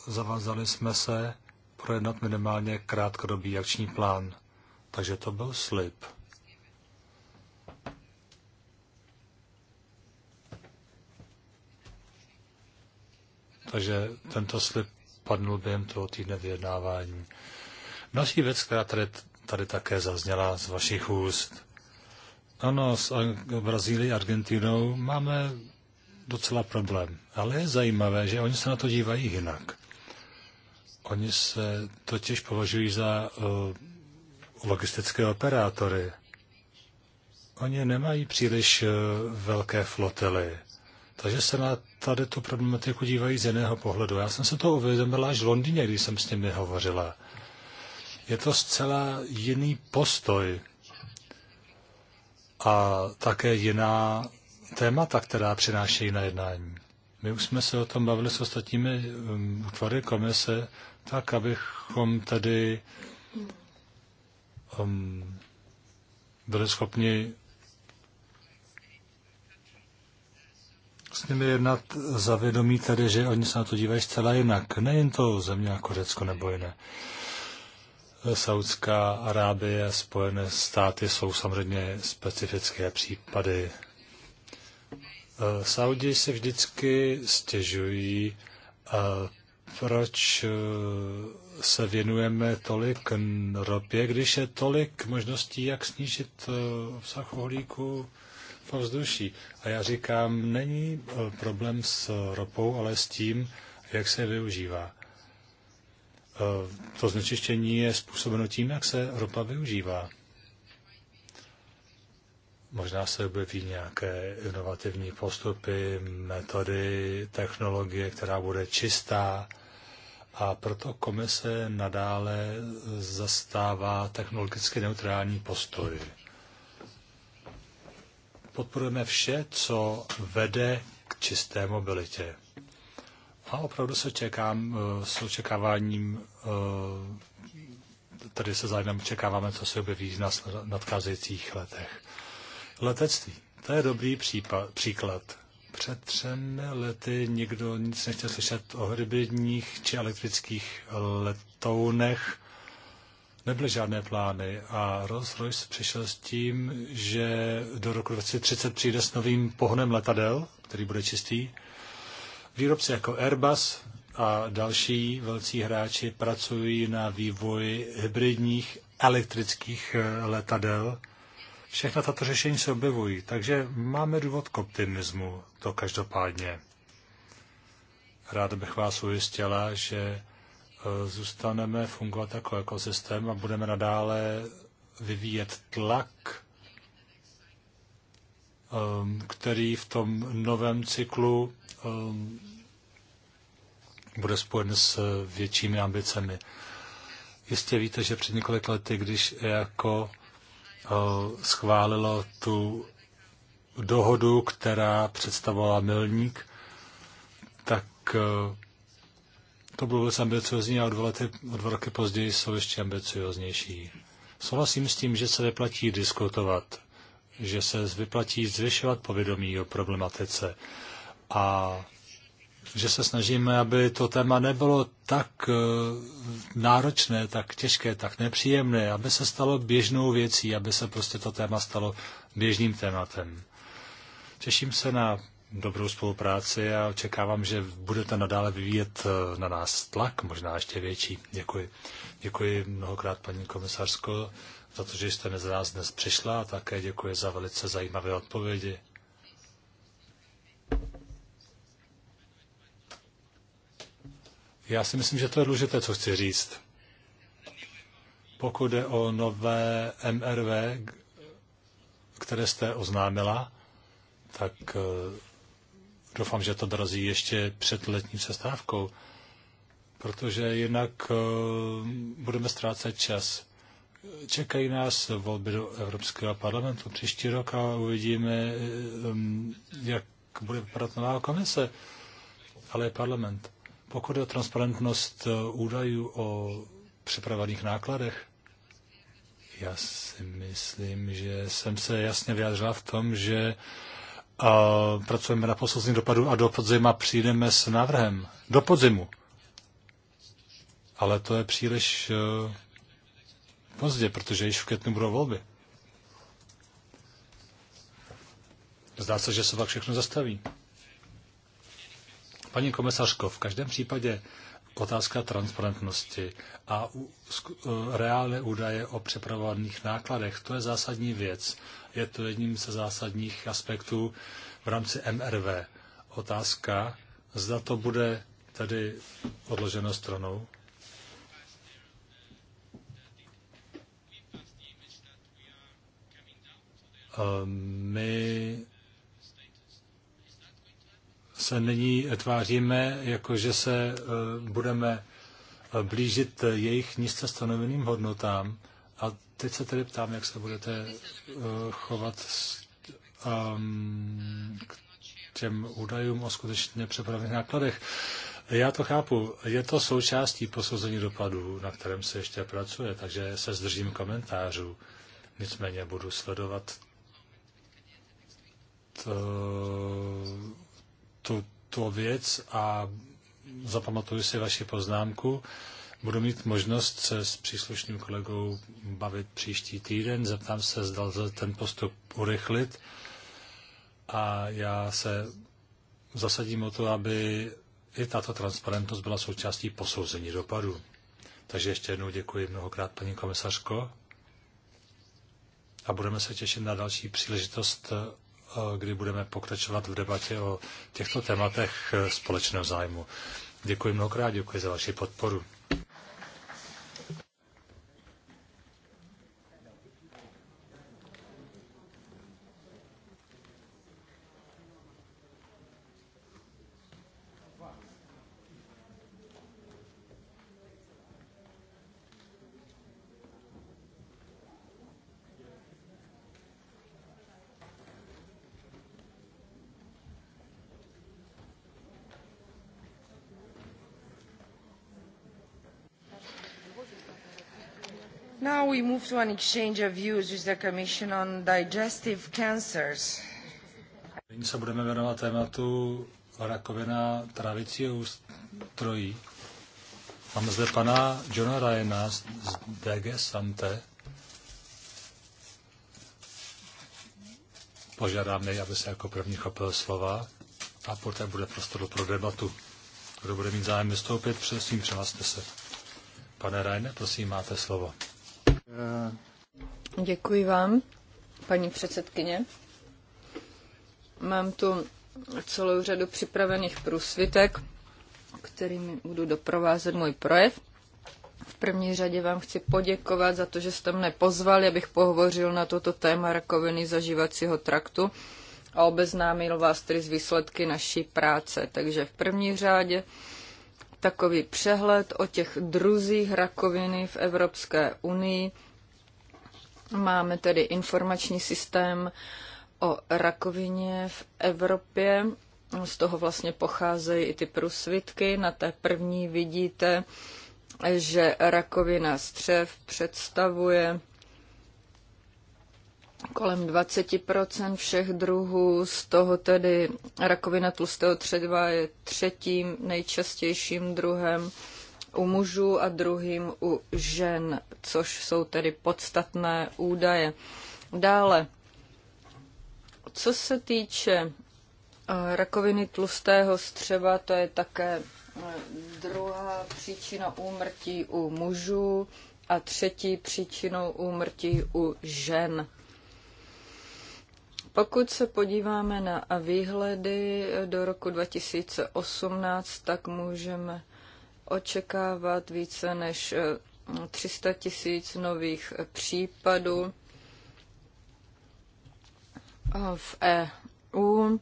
zavázali jsme se projednat minimálně krátkodobý akční plán. Takže to byl slib. Takže tento slib padnul během toho týdne vyjednávání. Další věc, která tady tady také zazněla z vašich úst. Ano, s Brazílií a Argentinou máme docela problém, ale je zajímavé, že oni se na to dívají jinak. Oni se totiž považují za uh, logistické operátory. Oni nemají příliš uh, velké flotily, takže se na tady tu problematiku dívají z jiného pohledu. Já jsem se to uvědomila až v Londýně, když jsem s nimi hovořila je to zcela jiný postoj a také jiná témata, která přinášejí na jednání. My už jsme se o tom bavili s ostatními um, útvary komise, tak abychom tedy um, byli schopni s nimi jednat za vědomí tedy, že oni se na to dívají zcela jinak. Nejen to země jako Řecko nebo jiné. Ne. Saudská Arábie, Spojené státy jsou samozřejmě specifické případy. Eh, Saudi se vždycky stěžují, eh, proč eh, se věnujeme tolik ropě, když je tolik možností, jak snížit obsah uhlíku v ovzduší. A já říkám, není problém s ropou, ale s tím, jak se využívá. Eh, to znečištění je způsobeno tím, jak se ropa využívá. Možná se objeví nějaké inovativní postupy, metody, technologie, která bude čistá. A proto komise nadále zastává technologicky neutrální postoj. Podporujeme vše, co vede k čisté mobilitě. A opravdu se čekám eh, s očekáváním, eh, tady se zájmem očekáváme, co se objeví v nadcházejících letech. Letectví. To je dobrý případ, příklad. Před třemi lety nikdo nic nechtěl slyšet o hybridních či elektrických letounech. Nebyly žádné plány a Rolls-Royce přišel s tím, že do roku 2030 přijde s novým pohonem letadel, který bude čistý Výrobci jako Airbus a další velcí hráči pracují na vývoji hybridních elektrických eh, letadel. Všechna tato řešení se objevují, takže máme důvod k optimismu, to každopádně. Rád bych vás ujistila, že eh, zůstaneme fungovat jako ekosystém a budeme nadále vyvíjet tlak, ehm, který v tom novém cyklu ehm, bude spojen s většími ambicemi. Jistě víte, že před několik lety, když jako schválilo tu dohodu, která představovala milník, tak eh, to bylo velice ambiciozní a o dva, lety, o dva roky později jsou ještě ambicioznější. Souhlasím s tím, že se vyplatí diskutovat, že se vyplatí zvyšovat povědomí o problematice a že se snažíme, aby to téma nebylo tak eh, náročné, tak těžké, tak nepříjemné, aby se stalo běžnou věcí, aby se prostě to téma stalo běžným tématem. Těším se na dobrou spolupráci a očekávám, že budete nadále vyvíjet eh, na nás tlak, možná ještě větší. Děkuji. Děkuji mnohokrát, paní komisařsko za to, že jste mezi nás dnes přišla a také děkuji za velice zajímavé odpovědi. Já si myslím, že to je důležité, co chci říct. Pokud jde o nové MRV, které jste oznámila, tak eh, doufám, že to dorazí ještě před letní přestávkou, protože jinak eh, budeme ztrácet čas. Čekají nás volby do Evropského parlamentu příští rok a uvidíme, eh, jak bude vypadat nová komise, ale parlament. Pokud je o transparentnost eh, údajů o připravených nákladech, já si myslím, že jsem se jasně vyjádřila v tom, že a, eh, pracujeme na posledních dopadu a do podzima přijdeme s návrhem. Do podzimu. Ale to je příliš uh, pozdě, protože již v květnu budou volby. Zdá se, že se pak všechno zastaví. Paní komisařko, v každém případě otázka transparentnosti a e, reálné údaje o přepravovaných nákladech, to je zásadní věc. Je to jedním ze zásadních aspektů v rámci MRV. Otázka, zda to bude tedy odloženo stranou. Ehm, my se nyní tváříme, jako že se eh, budeme eh, blížit jejich nízce stanoveným hodnotám. A teď se tedy ptám, jak se budete eh, chovat ehm, k těm údajům o skutečně přepravných nákladech. Já to chápu. Je to součástí posouzení dopadů, na kterém se ještě pracuje, takže se zdržím komentářů. Nicméně budu sledovat to, tuto věc a zapamatuju si vaši poznámku. Budu mít možnost se s příslušným kolegou bavit příští týden. Zeptám se, zda lze ten postup urychlit. A já se zasadím o to, aby i tato transparentnost byla součástí posouzení dopadu. Takže ještě jednou děkuji mnohokrát, paní komisařko. A budeme se těšit na další příležitost kdy budeme pokračovat v debatě o těchto tématech eh, společného zájmu. Děkuji mnohokrát, děkuji za vaši podporu. move to an exchange of views with the Commission on digestive cancers. Nyní se budeme věnovat tématu rakovina trávicího ústrojí. Mám zde pana Johna Ryana z DG Sante. Požádám jej, aby se jako první chopil slova a poté bude prostor pro debatu. Kdo bude mít zájem vystoupit, prosím, přihlaste se. Pane Rajne, prosím, máte slovo. Děkuji vám, paní předsedkyně. Mám tu celou řadu připravených průsvitek, kterými budu doprovázet můj projev. V první řadě vám chci poděkovat za to, že jste mne pozvali, abych pohovořil na toto téma rakoviny zažívacího traktu a obeznámil vás tedy s výsledky naší práce. Takže v první řádě takový přehled o těch druzích rakoviny v Evropské unii Máme tedy informační systém o rakovině v Evropě. Z toho vlastně pocházejí i ty průsvitky. Na té první vidíte, že rakovina střev představuje kolem 20% všech druhů, z toho tedy rakovina tlustého třeba je třetím nejčastějším druhem u mužů a druhým u žen, což jsou tedy podstatné údaje. Dále, co se týče eh, rakoviny tlustého střeva, to je také eh, druhá příčina úmrtí u mužů a třetí příčinou úmrtí u žen. Pokud se podíváme na výhledy do roku 2018, tak můžeme očekávat více než 300 eh, tisíc nových eh, případů eh, v EU.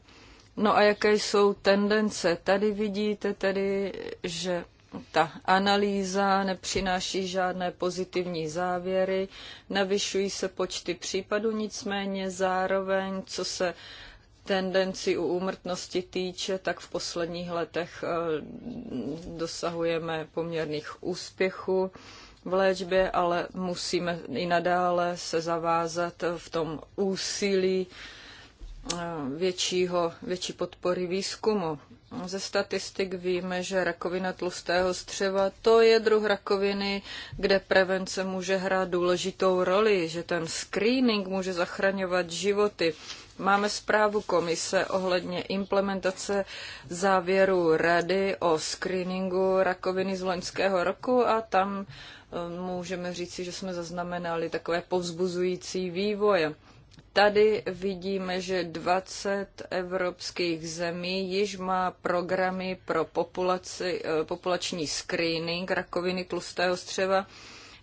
No a jaké jsou tendence? Tady vidíte tedy, že ta analýza nepřináší žádné pozitivní závěry, navyšují se počty případů, nicméně zároveň, co se tendenci u úmrtnosti týče, tak v posledních letech eh, dosahujeme poměrných úspěchů v léčbě, ale musíme i nadále se zavázat v tom úsilí eh, většího, větší podpory výzkumu. Ze statistik víme, že rakovina tlustého střeva to je druh rakoviny, kde prevence může hrát důležitou roli, že ten screening může zachraňovat životy. Máme zprávu komise ohledně implementace závěru Rady o screeningu rakoviny z loňského roku a tam eh, můžeme říci, že jsme zaznamenali takové povzbuzující vývoje. Tady vidíme, že 20 evropských zemí již má programy pro populaci, eh, populační screening rakoviny tlustého střeva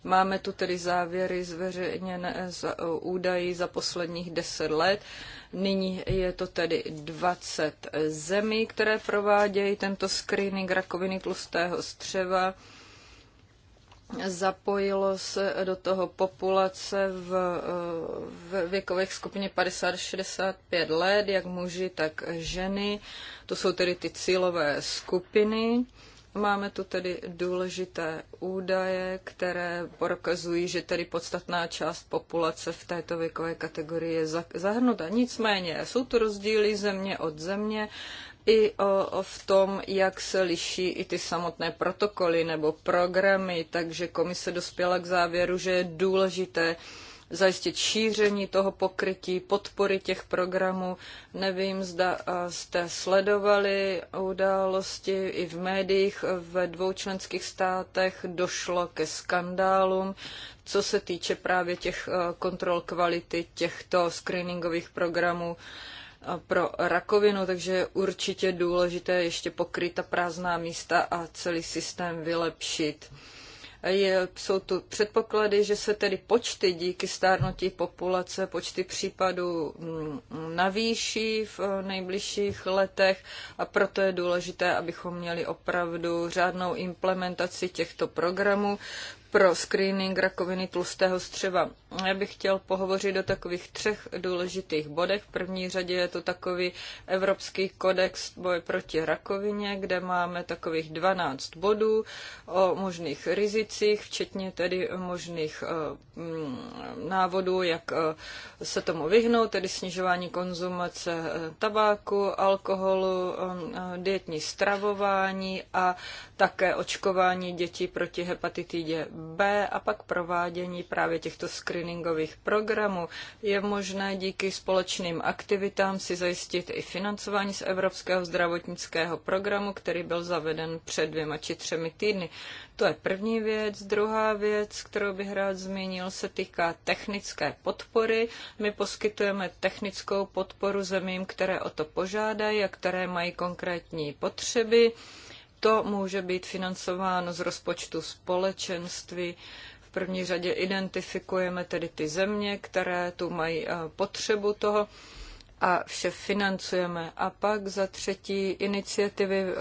Máme tu tedy závěry zveřejněné z e, údají za posledních deset let. Nyní je to tedy 20 zemí, které provádějí tento screening rakoviny tlustého střeva. Zapojilo se do toho populace v, e, v věkových skupině 50-65 let, jak muži, tak ženy. To jsou tedy ty cílové skupiny. Máme tu tedy důležité údaje, které prokazují, že tedy podstatná část populace v této věkové kategorii je zahrnuta. Nicméně jsou tu rozdíly země od země i o, o v tom, jak se liší i ty samotné protokoly nebo programy, takže komise dospěla k závěru, že je důležité zajistit šíření toho pokrytí, podpory těch programů. Nevím, zda eh, jste sledovali události i v médiích eh, ve dvou členských státech došlo ke skandálům, co se týče právě těch eh, kontrol kvality těchto screeningových programů pro rakovinu, takže je určitě důležité ještě pokryt ta prázdná místa a celý systém vylepšit. Je, jsou tu předpoklady, že se tedy počty díky stárnutí populace, počty případů mm, navýší v eh, nejbližších letech a proto je důležité, abychom měli opravdu řádnou implementaci těchto programů pro screening rakoviny tlustého střeva já bych chtěl pohovořit o takových třech důležitých bodech. V první řadě je to takový Evropský kodex boje proti rakovině, kde máme takových 12 bodů o možných rizicích, včetně tedy možných eh, mm, návodů, jak eh, se tomu vyhnout, tedy snižování konzumace eh, tabáku, alkoholu, dietní stravování a také očkování dětí proti hepatitidě B a pak provádění právě těchto screeningů greeningových programů. Je možné díky společným aktivitám si zajistit i financování z Evropského zdravotnického programu, který byl zaveden před dvěma či třemi týdny. To je první věc. Druhá věc, kterou bych rád zmínil, se týká technické podpory. My poskytujeme technickou podporu zemím, které o to požádají a které mají konkrétní potřeby to může být financováno z rozpočtu společenství první řadě identifikujeme tedy ty země, které tu mají eh, potřebu toho a vše financujeme. A pak za třetí iniciativy eh,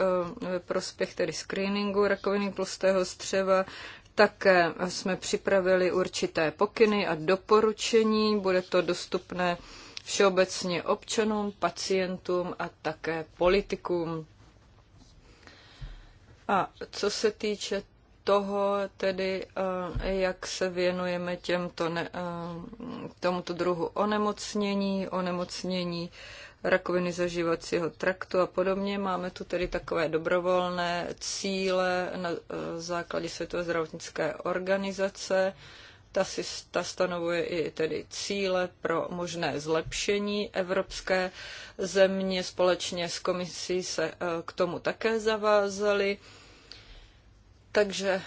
ve prospěch tedy screeningu rakoviny tlustého střeva, také jsme připravili určité pokyny a doporučení. Bude to dostupné všeobecně občanům, pacientům a také politikům. A co se týče toho tedy, eh, jak se věnujeme těmto ne, eh, tomuto druhu onemocnění, onemocnění rakoviny zažívacího traktu a podobně. Máme tu tedy takové dobrovolné cíle na eh, základě Světové zdravotnické organizace. Ta, si, ta stanovuje i tedy cíle pro možné zlepšení. Evropské země společně s komisí se k tomu také zavázaly. Takže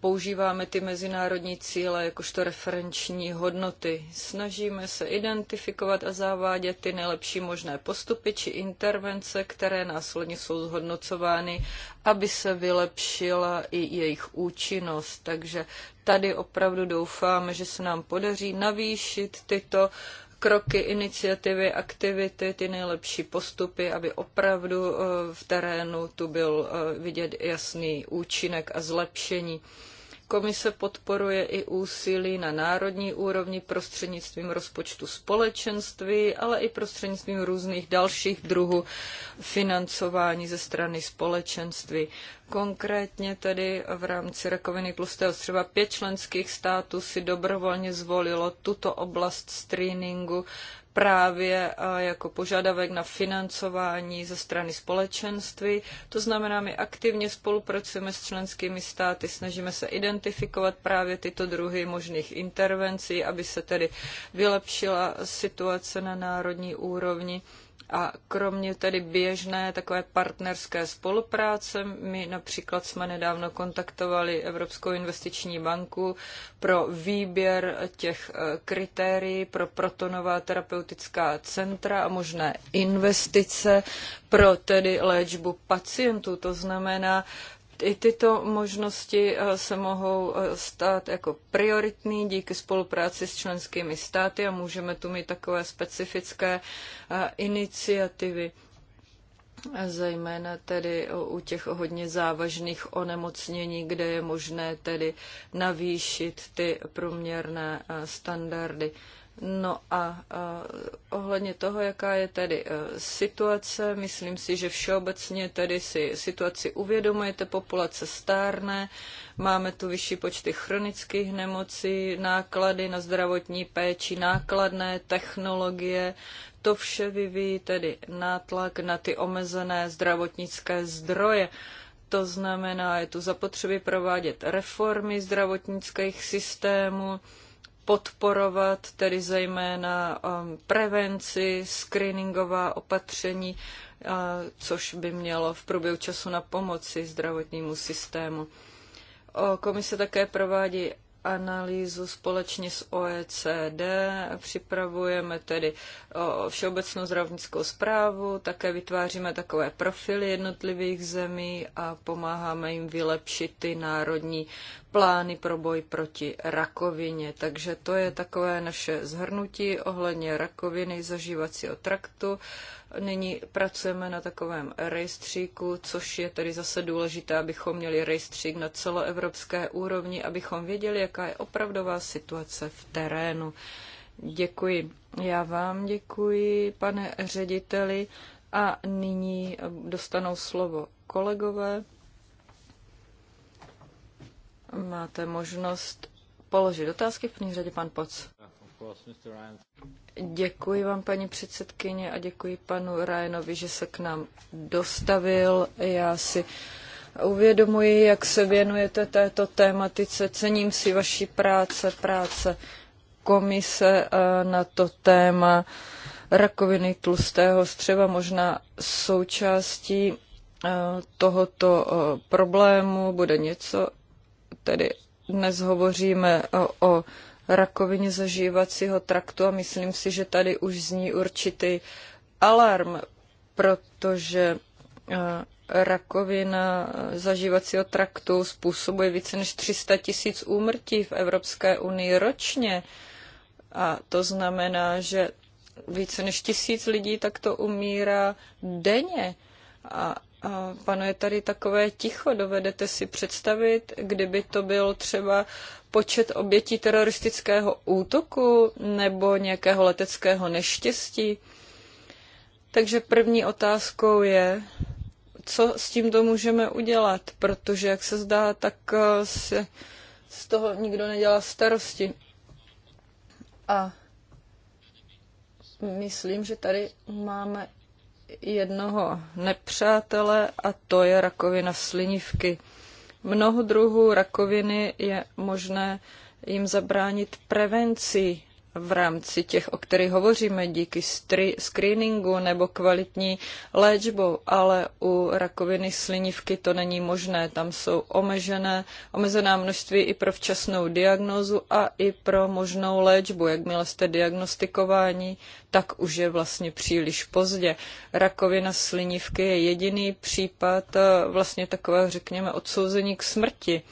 používáme ty mezinárodní cíle jakožto referenční hodnoty. Snažíme se identifikovat a zavádět ty nejlepší možné postupy či intervence, které následně jsou zhodnocovány, aby se vylepšila i jejich účinnost. Takže tady opravdu doufáme, že se nám podaří navýšit tyto uh, kroky, iniciativy, aktivity, ty nejlepší postupy, aby opravdu eh, v terénu tu byl eh, vidět jasný účinek a zlepšení. Komise podporuje i úsilí na národní úrovni prostřednictvím rozpočtu společenství, ale i prostřednictvím různých dalších druhů financování ze strany společenství. Konkrétně tedy v rámci rakoviny tlustého střeva pět členských států si dobrovolně zvolilo tuto oblast screeningu právě jako požadavek na financování ze strany společenství. To znamená, my aktivně spolupracujeme s členskými státy, snažíme se identifikovat právě tyto druhy možných intervencí, aby se tedy vylepšila situace na národní úrovni a kromě tedy běžné takové partnerské spolupráce, my například jsme nedávno kontaktovali Evropskou investiční banku pro výběr těch eh, kritérií pro protonová terapeutická centra a možné investice pro tedy léčbu pacientů. To znamená, i tyto možnosti eh, se mohou eh, stát jako prioritní díky spolupráci s členskými státy a můžeme tu mít takové specifické eh, iniciativy zejména tedy u těch hodně závažných onemocnění, kde je možné tedy navýšit ty průměrné standardy. No a ohledně toho, jaká je tedy e, situace, myslím si, že všeobecně tedy si situaci uvědomujete, populace stárne, máme tu vyšší počty chronických nemocí, náklady na zdravotní péči, nákladné technologie, to vše vyvíjí tedy nátlak na ty omezené zdravotnické zdroje. To znamená, je tu zapotřebí provádět reformy zdravotnických systémů, podporovat tedy zejména um, prevenci, screeningová opatření, uh, což by mělo v průběhu času na pomoci zdravotnímu systému. Komise také provádí analýzu společně s OECD. Připravujeme tedy všeobecnou zdravotnickou zprávu, také vytváříme takové profily jednotlivých zemí a pomáháme jim vylepšit ty národní plány pro boj proti rakovině. Takže to je takové naše zhrnutí ohledně rakoviny zažívacího traktu. Nyní pracujeme na takovém rejstříku, což je tedy zase důležité, abychom měli rejstřík na celoevropské úrovni, abychom věděli, jaká je opravdová situace v terénu. Děkuji. Já vám děkuji, pane řediteli. A nyní dostanou slovo kolegové. Máte možnost položit otázky. V první řadě pan Poc. Děkuji vám, paní předsedkyně, a děkuji panu Ryanovi, že se k nám dostavil. Já si uvědomuji, jak se věnujete této tématice. Cením si vaší práce, práce komise na to téma rakoviny tlustého střeva, možná součástí tohoto problému bude něco, tedy dnes hovoříme o, o rakovině zažívacího traktu a myslím si, že tady už zní určitý alarm, protože eh, rakovina zažívacího traktu způsobuje více než 300 tisíc úmrtí v Evropské unii ročně. A to znamená, že více než tisíc lidí takto umírá denně. A panuje tady takové ticho. Dovedete si představit, kdyby to byl třeba počet obětí teroristického útoku nebo nějakého leteckého neštěstí? Takže první otázkou je, co s tímto můžeme udělat, protože, jak se zdá, tak eh, se z toho nikdo nedělá starosti. A myslím, že tady máme jednoho nepřátele a to je rakovina slinivky. Mnoho druhů rakoviny je možné jim zabránit prevencí v rámci těch, o kterých hovoříme, díky screeningu nebo kvalitní léčbou, ale u rakoviny slinivky to není možné. Tam jsou omezené, omezená množství i pro včasnou diagnózu a i pro možnou léčbu. Jakmile jste diagnostikováni, tak už je vlastně příliš pozdě. Rakovina slinivky je jediný případ eh, vlastně takového, řekněme, odsouzení k smrti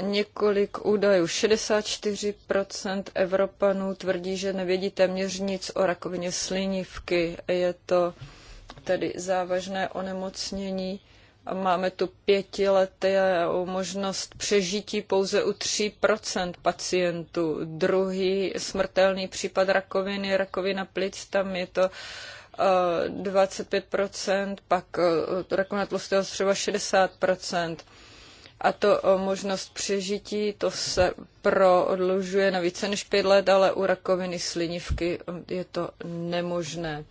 několik údajů. 64% Evropanů tvrdí, že nevědí téměř nic o rakovině slinivky. Je to tedy závažné onemocnění. A máme tu pětileté možnost přežití pouze u 3% pacientů. Druhý smrtelný případ rakoviny, rakovina plic, tam je to 25%, eh, pak eh, rakovina tlustého střeva 60% a to eh, možnost přežití, to se prodlužuje na více než pět let, ale u rakoviny slinivky eh, je to nemožné.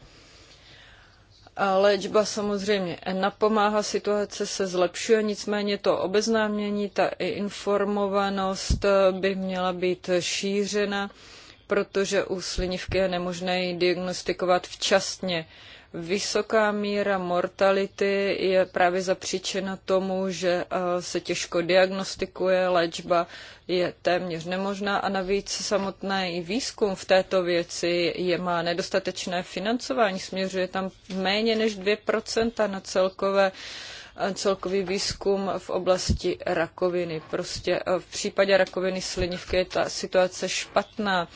A léčba samozřejmě napomáhá, situace se zlepšuje, nicméně to obeznámění, ta informovanost eh, by měla být šířena, protože u slinivky je nemožné ji diagnostikovat včasně. Vysoká míra mortality je právě zapříčena tomu, že eh, se těžko diagnostikuje, léčba je téměř nemožná a navíc samotný výzkum v této věci je, má nedostatečné financování, směřuje tam méně než 2% na celkové eh, celkový výzkum v oblasti rakoviny. Prostě eh, v případě rakoviny slinivky je ta situace špatná.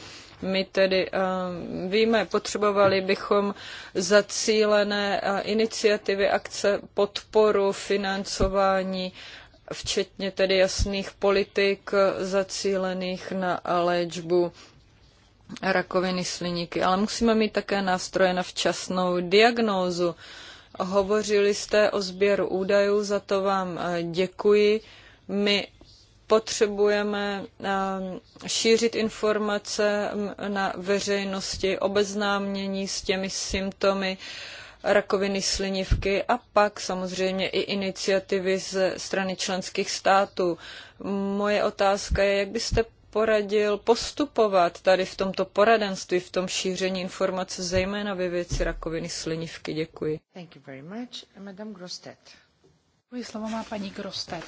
My tedy eh, víme, potřebovali bychom zacílené eh, iniciativy, akce, podporu, financování, včetně tedy jasných politik eh, zacílených na léčbu rakoviny sliníky. Ale musíme mít také nástroje na včasnou diagnózu. Hovořili jste o sběru údajů, za to vám děkuji. My potřebujeme eh, šířit informace na veřejnosti, obeznámění s těmi symptomy rakoviny slinivky a pak samozřejmě i iniciativy ze strany členských států. Moje otázka je, jak byste poradil postupovat tady v tomto poradenství, v tom šíření informace, zejména ve věci rakoviny slinivky. Děkuji. Thank you very much. Madame Grostet. Děkuji, slovo má paní Grostet.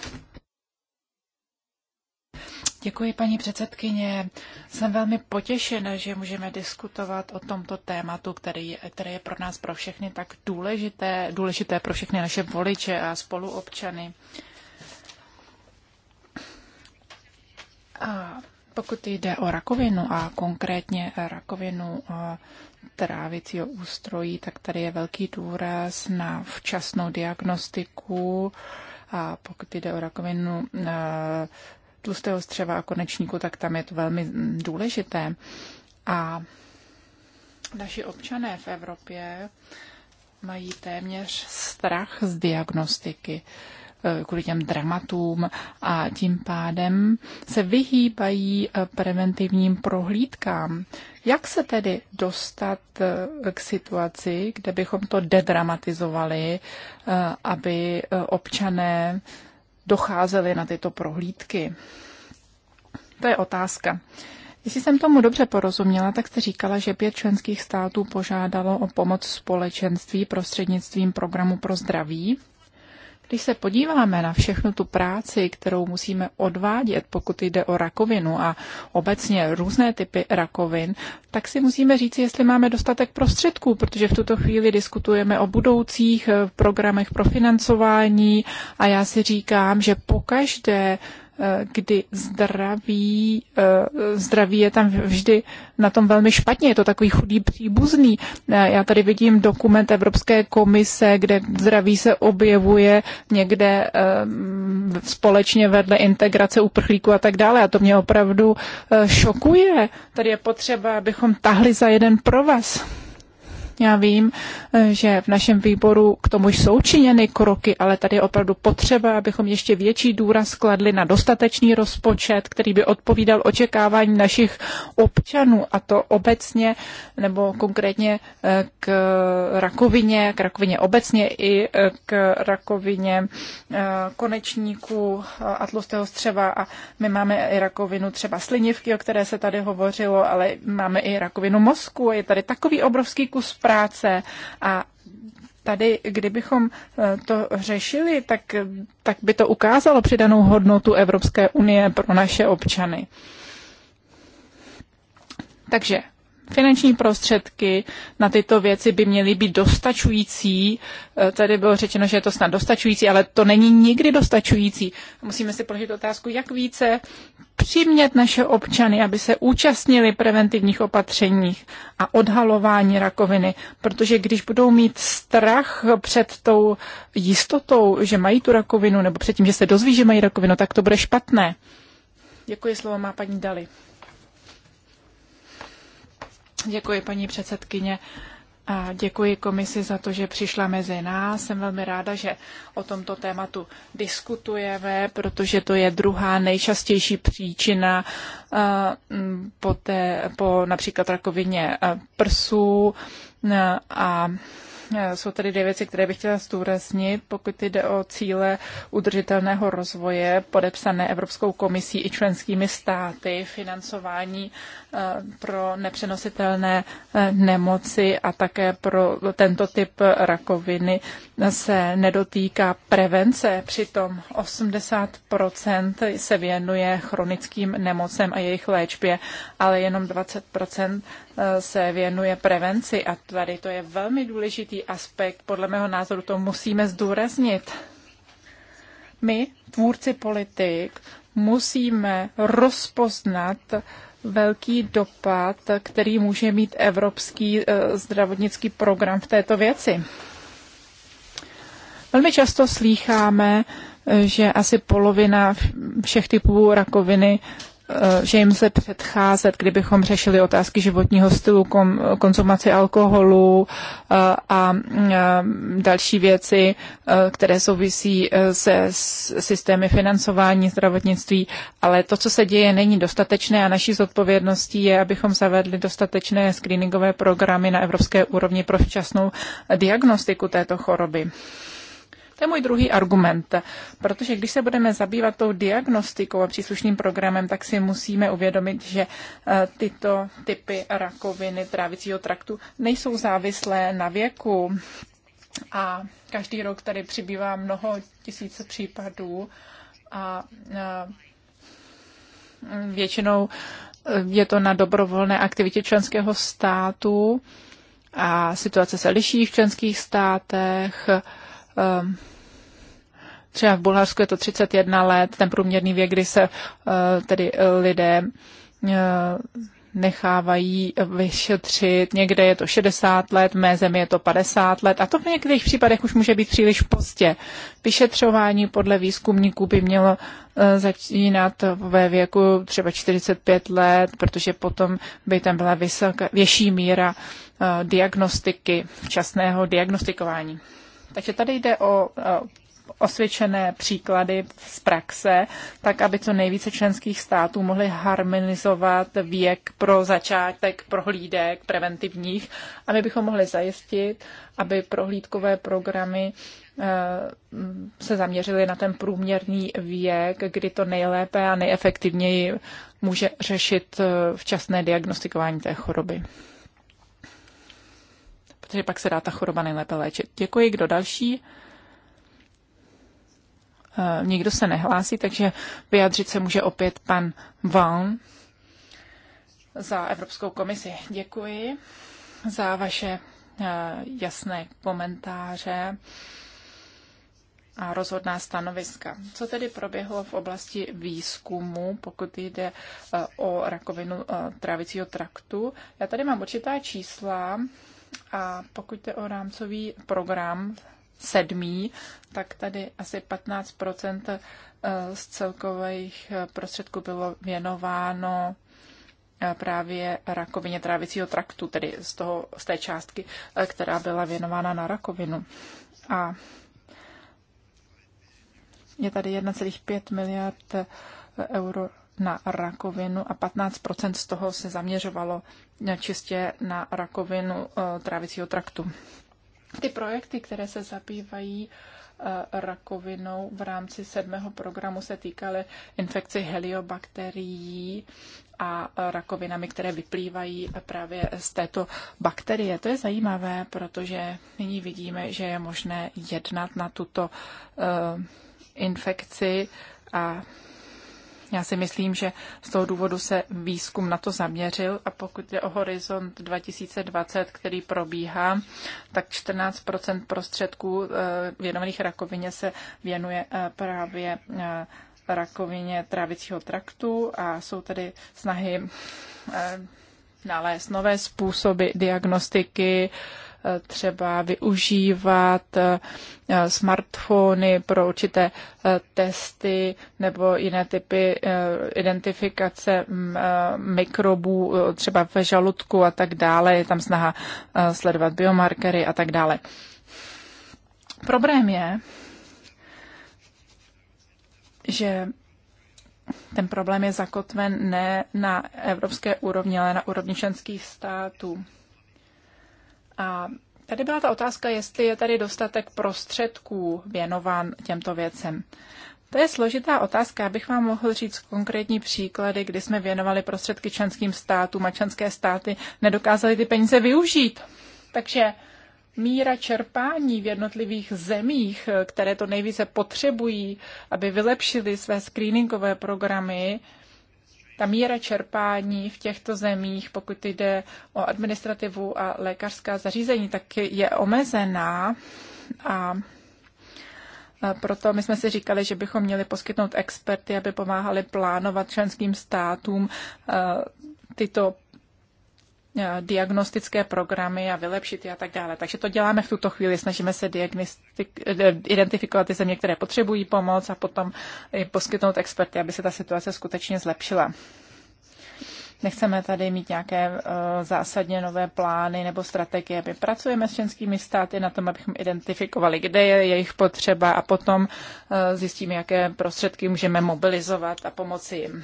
Děkuji, paní předsedkyně. Jsem velmi potěšena, že můžeme diskutovat o tomto tématu, který, který je pro nás pro všechny tak důležité, důležité pro všechny naše voliče a spoluobčany. A pokud jde o rakovinu a konkrétně rakovinu eh, trávicího ústrojí, tak tady je velký důraz na včasnou diagnostiku. A pokud jde o rakovinu eh, tlustého střeva a konečníku, tak tam je to velmi důležité. A naši občané v Evropě mají téměř strach z diagnostiky eh, kvůli těm dramatům a tím pádem se vyhýbají eh, preventivním prohlídkám. Jak se tedy dostat eh, k situaci, kde bychom to dedramatizovali, aby občané docházeli na tyto prohlídky? To je otázka. Jestli jsem tomu dobře porozuměla, tak jste říkala, že pět členských států požádalo o pomoc společenství prostřednictvím programu pro zdraví když se podíváme na všechnu tu práci, kterou musíme odvádět, pokud jde o rakovinu a obecně různé typy rakovin, tak si musíme říct, jestli máme dostatek prostředků, protože v tuto chvíli diskutujeme o budoucích eh, programech pro financování a já si říkám, že pokaždé kdy zdraví, eh, zdraví je tam vždy na tom velmi špatně. Je to takový chudý příbuzný. Eh, já tady vidím dokument Evropské komise, kde zdraví se objevuje někde eh, společně vedle integrace uprchlíků a tak dále. A to mě opravdu šokuje. Tady je potřeba, abychom tahli za jeden provaz. Já vím, že v našem výboru k tomu jsou činěny kroky, ale tady je opravdu potřeba, abychom ještě větší důraz kladli na dostatečný rozpočet, který by odpovídal očekávání našich občanů a to obecně nebo konkrétně eh, k rakovině, k rakovině obecně i eh, k rakovině eh, konečníků a tlustého střeva a my máme i rakovinu třeba slinivky, o které se tady hovořilo, ale máme i rakovinu mozku a je tady takový obrovský kus práce a Tady, kdybychom eh, to řešili, tak, tak by to ukázalo přidanou hodnotu Evropské unie pro naše občany. Takže Finanční prostředky na tyto věci by měly být dostačující. Eh, tady bylo řečeno, že je to snad dostačující, ale to není nikdy dostačující. Musíme si položit otázku, jak více přimět naše občany, aby se účastnili preventivních opatřeních a odhalování rakoviny, protože když budou mít strach před tou jistotou, že mají tu rakovinu, nebo před tím, že se dozví, že mají rakovinu, tak to bude špatné. Děkuji, slovo má paní Dali. Děkuji, paní předsedkyně. A děkuji komisi za to, že přišla mezi nás. Jsem velmi ráda, že o tomto tématu diskutujeme, protože to je druhá nejčastější příčina po, té, po například rakovině prsů a jsou tady dvě věci, které bych chtěla zdůraznit, pokud jde o cíle udržitelného rozvoje podepsané Evropskou komisí i členskými státy, financování Eh, pro nepřenositelné eh, nemoci a také pro tento typ rakoviny se nedotýká prevence. Přitom 80 se věnuje chronickým nemocem a jejich léčbě, ale jenom 20 eh, se věnuje prevenci. A tady to je velmi důležitý aspekt. Podle mého názoru to musíme zdůraznit. My, tvůrci politik, musíme rozpoznat velký dopad, který může mít evropský eh, zdravotnický program v této věci. Velmi často slýcháme, eh, že asi polovina všech typů rakoviny Eh, že jim se předcházet, kdybychom řešili otázky životního stylu, kom, konzumaci alkoholu eh, a, a eh, další věci, které souvisí se systémy financování zdravotnictví. Ale to, co se děje, není dostatečné a naší zodpovědností je, abychom zavedli dostatečné screeningové programy na evropské úrovni pro včasnou diagnostiku této choroby. To je můj druhý argument, protože když se budeme zabývat tou diagnostikou a příslušným programem, tak si musíme uvědomit, že eh, tyto typy rakoviny trávicího traktu nejsou závislé na věku. A každý rok tady přibývá mnoho tisíce případů a eh, většinou eh, je to na dobrovolné aktivitě členského státu a situace se liší v členských státech. Ehm, třeba v Bulharsku je to 31 let, ten průměrný věk, kdy se eh, tedy eh, lidé eh, nechávají vyšetřit. Někde je to 60 let, v mé zemi je to 50 let a to v některých případech už může být příliš pozdě. Vyšetřování podle výzkumníků by mělo začínat ve věku třeba 45 let, protože potom by tam byla vysoká, větší míra diagnostiky, včasného diagnostikování. Takže tady jde o osvědčené příklady z praxe, tak aby co nejvíce členských států mohly harmonizovat věk pro začátek prohlídek preventivních aby bychom mohli zajistit, aby prohlídkové programy eh, se zaměřily na ten průměrný věk, kdy to nejlépe a nejefektivněji může řešit eh, včasné diagnostikování té choroby protože pak se dá ta choroba nejlépe léčit. Děkuji, kdo další? Eh, nikdo se nehlásí, takže vyjadřit se může opět pan Vaughan za Evropskou komisi. Děkuji za vaše eh, jasné komentáře a rozhodná stanoviska. Co tedy proběhlo v oblasti výzkumu, pokud jde eh, o rakovinu trávicího traktu? Já tady mám určitá čísla, a pokud jde o rámcový program sedmý, tak tady asi 15 eh, z celkových eh, prostředků bylo věnováno eh, právě rakovině trávicího traktu, tedy z, toho, z té částky, která byla věnována na rakovinu. A je tady 1,5 miliard euro na rakovinu a 15% z toho se zaměřovalo čistě na rakovinu eh, trávicího traktu. Ty projekty, které se zabývají eh, rakovinou v rámci sedmého programu se týkaly infekci heliobakterií a rakovinami, které vyplývají právě z této bakterie. To je zajímavé, protože nyní vidíme, že je možné jednat na tuto eh, infekci a já si myslím, že z toho důvodu se výzkum na to zaměřil a pokud je o horizont 2020, který probíhá, tak 14 prostředků eh, věnovaných rakovině se věnuje eh, právě eh, rakovině trávicího traktu a jsou tady snahy nalézt nové způsoby diagnostiky třeba využívat eh, smartfony pro určité eh, testy nebo jiné typy eh, identifikace mm, mikrobů, třeba ve žaludku a tak dále. Je tam snaha sledovat biomarkery a tak dále. Problém je, že ten problém je zakotven ne na evropské úrovni, ale na úrovni členských států. A tady byla ta otázka, jestli je tady dostatek prostředků věnován těmto věcem. To je složitá otázka. Abych vám mohl říct konkrétní příklady, kdy jsme věnovali prostředky členským státům a členské státy nedokázaly ty peníze využít. Takže míra čerpání v jednotlivých zemích, které to nejvíce potřebují, aby vylepšili své screeningové programy, ta míra čerpání v těchto zemích, pokud jde o administrativu a lékařská zařízení, tak je omezená a proto my jsme si říkali, že bychom měli poskytnout experty, aby pomáhali plánovat členským státům tyto Eh, diagnostické programy a vylepšit je a tak dále. Takže to děláme v tuto chvíli, snažíme se eh, identifikovat ty země, které potřebují pomoc a potom poskytnout experty, aby se ta situace skutečně zlepšila. Nechceme tady mít nějaké uh, zásadně nové plány nebo strategie. My pracujeme s členskými státy na tom, abychom identifikovali, kde je jejich potřeba a potom uh, zjistíme, jaké prostředky můžeme mobilizovat a pomoci jim.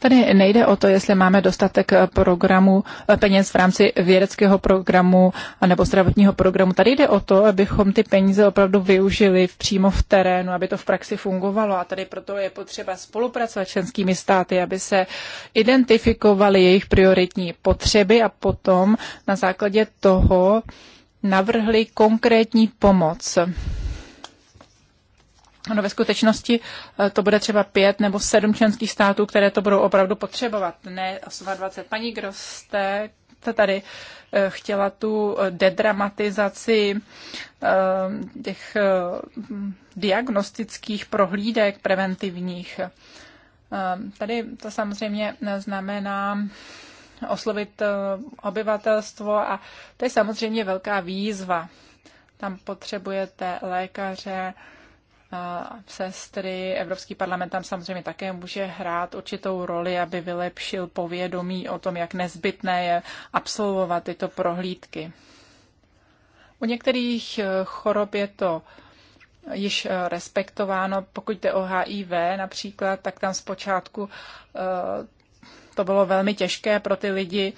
Tady nejde o to, jestli máme dostatek eh, programu, eh, peněz v rámci vědeckého programu nebo zdravotního programu. Tady jde o to, abychom ty peníze opravdu využili přímo v terénu, aby to v praxi fungovalo. A tady proto je potřeba spolupracovat s členskými státy, aby se identifikovaly jejich prioritní potřeby a potom na základě toho navrhli konkrétní pomoc. No ve skutečnosti eh, to bude třeba pět nebo sedm členských států, které to budou opravdu potřebovat, ne 28. Paní Groste tady eh, chtěla tu eh, dedramatizaci těch diagnostických prohlídek preventivních. Tady to samozřejmě znamená oslovit obyvatelstvo a to je samozřejmě velká výzva. Tam potřebujete lékaře, sestry. Evropský parlament tam samozřejmě také může hrát určitou roli, aby vylepšil povědomí o tom, jak nezbytné je absolvovat tyto prohlídky. U některých eh, chorob je to eh, již eh, respektováno. Pokud jde o HIV například, tak tam zpočátku to bylo velmi těžké pro ty lidi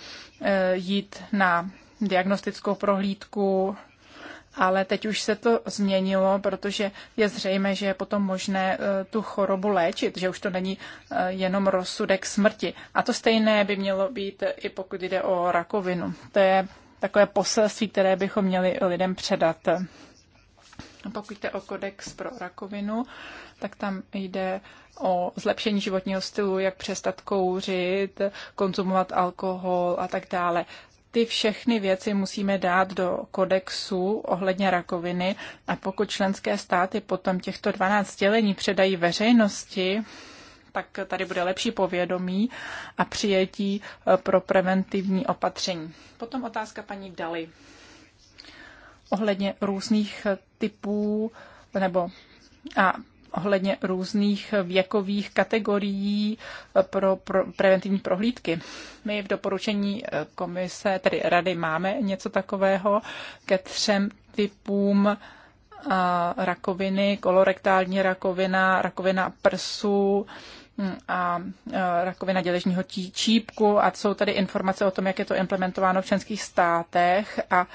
jít na diagnostickou prohlídku ale teď už se to změnilo, protože je zřejmé, že je potom možné eh, tu chorobu léčit, že už to není eh, jenom rozsudek smrti. A to stejné by mělo být eh, i pokud jde o rakovinu. To je takové poselství, které bychom měli lidem předat. Pokud jde o kodex pro rakovinu, tak tam jde o zlepšení životního stylu, jak přestat kouřit, konzumovat alkohol a tak dále ty všechny věci musíme dát do kodexu ohledně rakoviny a pokud členské státy potom těchto 12 dělení předají veřejnosti, tak tady bude lepší povědomí a přijetí eh, pro preventivní opatření. Potom otázka paní Dali ohledně různých typů nebo a ohledně různých věkových kategorií pro, pro preventivní prohlídky. My v doporučení eh, komise, tedy rady, máme něco takového ke třem typům eh, rakoviny, kolorektální rakovina, rakovina prsu, hm, a eh, rakovina děležního čípku a jsou tady informace o tom, jak je to implementováno v členských státech a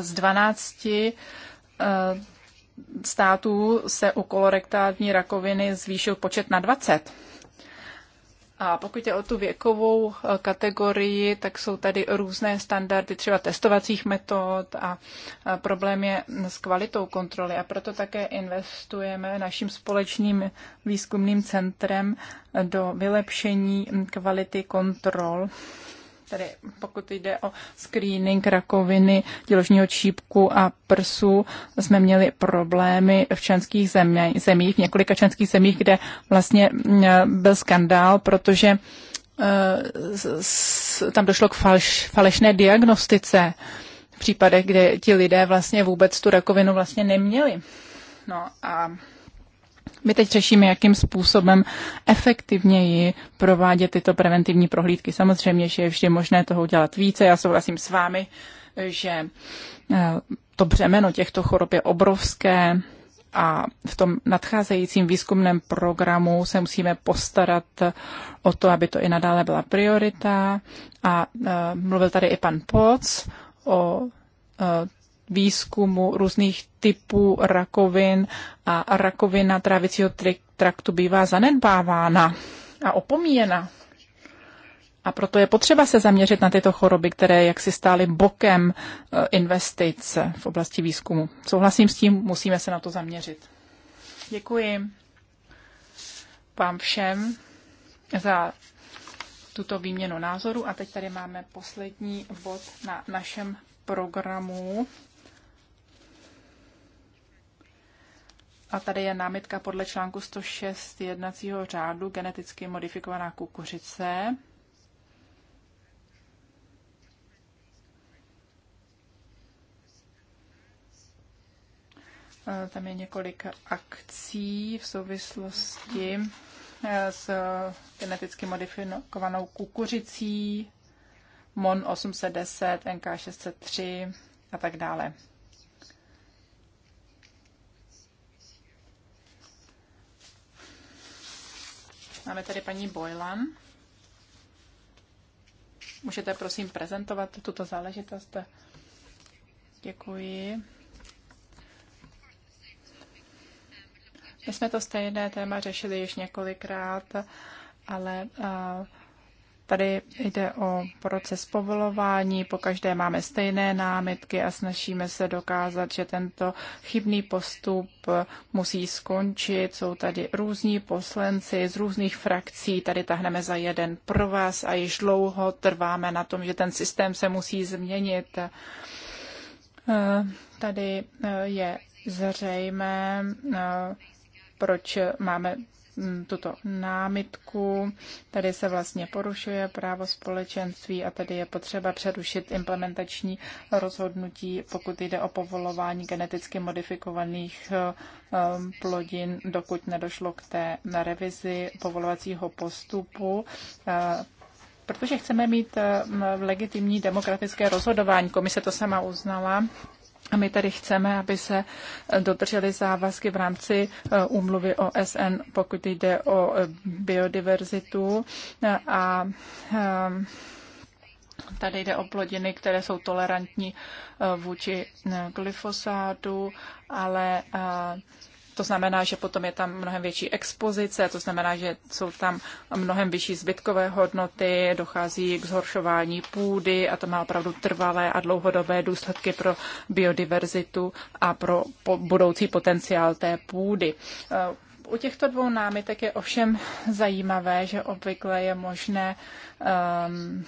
z 12 států se u kolorektální rakoviny zvýšil počet na 20. A pokud je o tu věkovou eh, kategorii, tak jsou tady různé standardy třeba testovacích metod a eh, problém je s kvalitou kontroly. A proto také investujeme naším společným výzkumným centrem do vylepšení kvality kontrol tedy pokud jde o screening rakoviny děložního čípku a prsu, jsme měli problémy v členských zemích, v několika členských zemích, kde vlastně byl skandál, protože e, tam došlo k falš, falešné diagnostice v případech, kde ti lidé vlastně vůbec tu rakovinu vlastně neměli. No a my teď řešíme, jakým způsobem efektivněji provádět tyto preventivní prohlídky. Samozřejmě, že je vždy možné toho udělat více. Já souhlasím s vámi, že eh, to břemeno těchto chorob je obrovské a v tom nadcházejícím výzkumném programu se musíme postarat o to, aby to i nadále byla priorita. A eh, mluvil tady i pan Poc o eh, výzkumu různých typů rakovin a rakovina trávicího traktu bývá zanedbávána a opomíjena. A proto je potřeba se zaměřit na tyto choroby, které jaksi stály bokem e, investic v oblasti výzkumu. Souhlasím s tím, musíme se na to zaměřit. Děkuji vám všem za tuto výměnu názoru. A teď tady máme poslední bod na našem programu. A tady je námitka podle článku 106 jednacího řádu geneticky modifikovaná kukuřice. E, tam je několik akcí v souvislosti e, s geneticky modifikovanou kukuřicí, MON 810, NK 603 a tak dále. Máme tady paní Boylan. Můžete prosím prezentovat tuto záležitost? Děkuji. My jsme to stejné téma řešili již několikrát, ale uh, Tady jde o proces povolování, pokaždé máme stejné námitky a snažíme se dokázat, že tento chybný postup musí skončit. Jsou tady různí poslanci z různých frakcí, tady tahneme za jeden pro vás a již dlouho trváme na tom, že ten systém se musí změnit. Eh, tady eh, je zřejmé, eh, proč máme Mm, tuto námitku. Tady se vlastně porušuje právo společenství a tady je potřeba přerušit implementační rozhodnutí, pokud jde o povolování geneticky modifikovaných eh, eh, plodin, dokud nedošlo k té revizi povolovacího postupu eh, protože chceme mít legitimní demokratické rozhodování. Komise to sama uznala a my tady chceme, aby se dodržely závazky v rámci e, úmluvy OSN, pokud jde o e, biodiverzitu. A e, tady jde o plodiny, které jsou tolerantní vůči glyfosátu, ale to znamená, že potom je tam mnohem větší expozice, to znamená, že jsou tam mnohem vyšší zbytkové hodnoty, dochází k zhoršování půdy a to má opravdu trvalé a dlouhodobé důsledky pro biodiverzitu a pro budoucí potenciál té půdy. U těchto dvou námitek je ovšem zajímavé, že obvykle je možné um,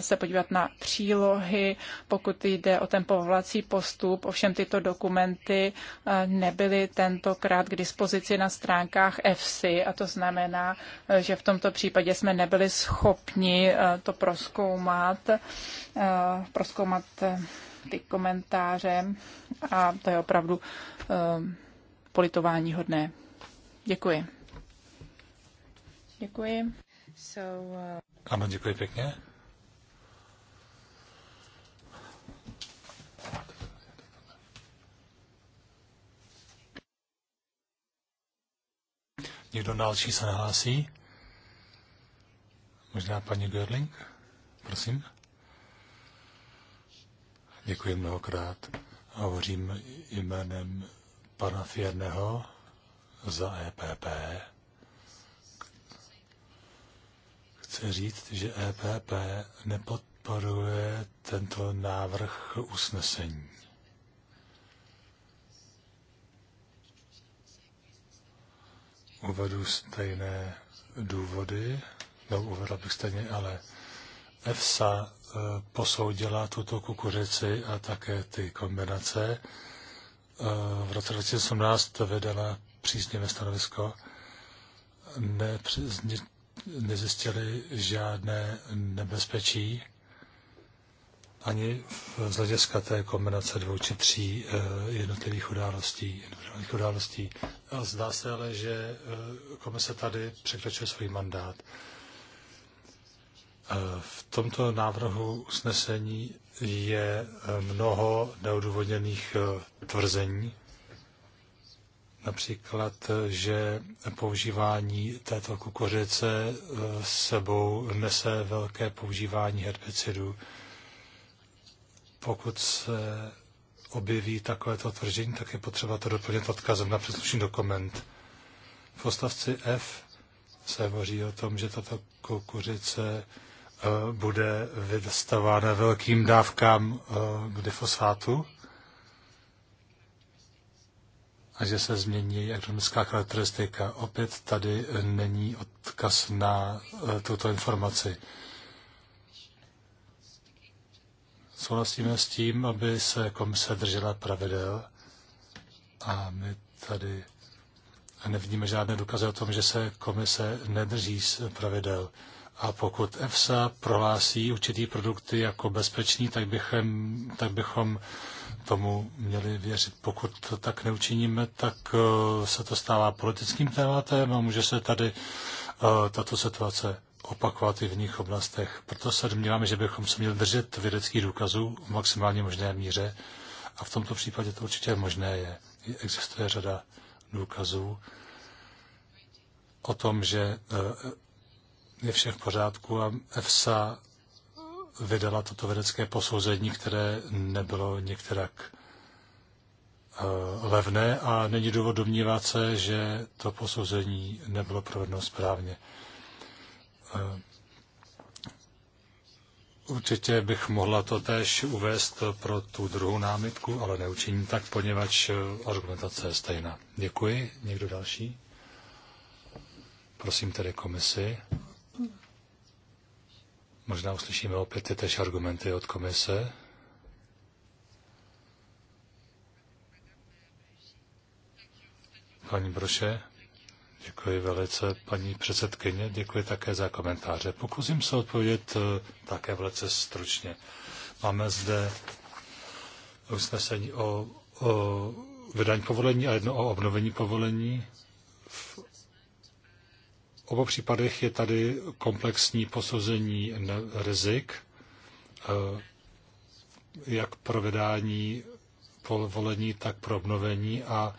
se podívat na přílohy, pokud jde o ten povolací postup. Ovšem tyto dokumenty uh, nebyly tentokrát k dispozici na stránkách EFSI a to znamená, eh, že v tomto případě jsme nebyli schopni uh, to proskoumat, uh, proskoumat ty komentáře a to je opravdu uh, politování hodné. Děkuji. Děkuji. So, uh... Ano, děkuji pěkně. Někdo další se nahlásí? Možná paní Görling? Prosím. Děkuji mnohokrát. Hovořím jménem pana Fierneho, za EPP. Chci říct, že EPP nepodporuje tento návrh usnesení. Uvedu stejné důvody, nebo uvedla bych stejně, ale EFSA eh, posoudila tuto kukuřici a také ty kombinace. Eh, v roce 2018 vydala příznivé stanovisko, nepřizni, nezjistili žádné nebezpečí ani z hlediska té kombinace dvou či tří eh, jednotlivých událostí. Jednotlivých událostí. A zdá se ale, že eh, komise tady překračuje svůj mandát. Eh, v tomto návrhu usnesení je mnoho neodůvodněných tvrzení, Například, že používání této kukuřice eh, sebou nese velké používání herbicidů. Pokud se objeví takovéto tvrzení, tak je potřeba to doplnit odkazem na příslušný dokument. V postavci F se hovoří o tom, že tato kukuřice eh, bude vystavována velkým dávkám eh, glyfosátu a že se změní ekonomická charakteristika. Opět tady není odkaz na eh, tuto informaci. Souhlasíme s tím, aby se komise držela pravidel a my tady nevidíme žádné důkazy o tom, že se komise nedrží z pravidel. A pokud EFSA prohlásí určitý produkty jako bezpečný, tak bychom, tak bychom tomu měli věřit. Pokud to tak neučiníme, tak eh, se to stává politickým tématem a může se tady eh, tato situace opakovat i v jiných oblastech. Proto se domníváme, že bychom se měli držet vědeckých důkazů v maximálně možné míře a v tomto případě to určitě možné je. Existuje řada důkazů o tom, že eh, je vše v pořádku a EFSA vydala toto vědecké posouzení, které nebylo některak eh, levné a není důvod domnívat se, že to posouzení nebylo provedeno správně. Eh, určitě bych mohla to též uvést pro tu druhou námitku, ale neučiním tak, poněvadž eh, argumentace je stejná. Děkuji. Někdo další? Prosím tedy komisi. Možná uslyšíme opět ty tež argumenty od komise. Paní Broše, děkuji velice. Paní předsedkyně, děkuji také za komentáře. Pokusím se odpovědět eh, také velice stručně. Máme zde usnesení o, o vydání povolení a jedno o obnovení povolení. V obou případech je tady komplexní posouzení rizik, eh, jak pro vydání povolení, tak pro obnovení a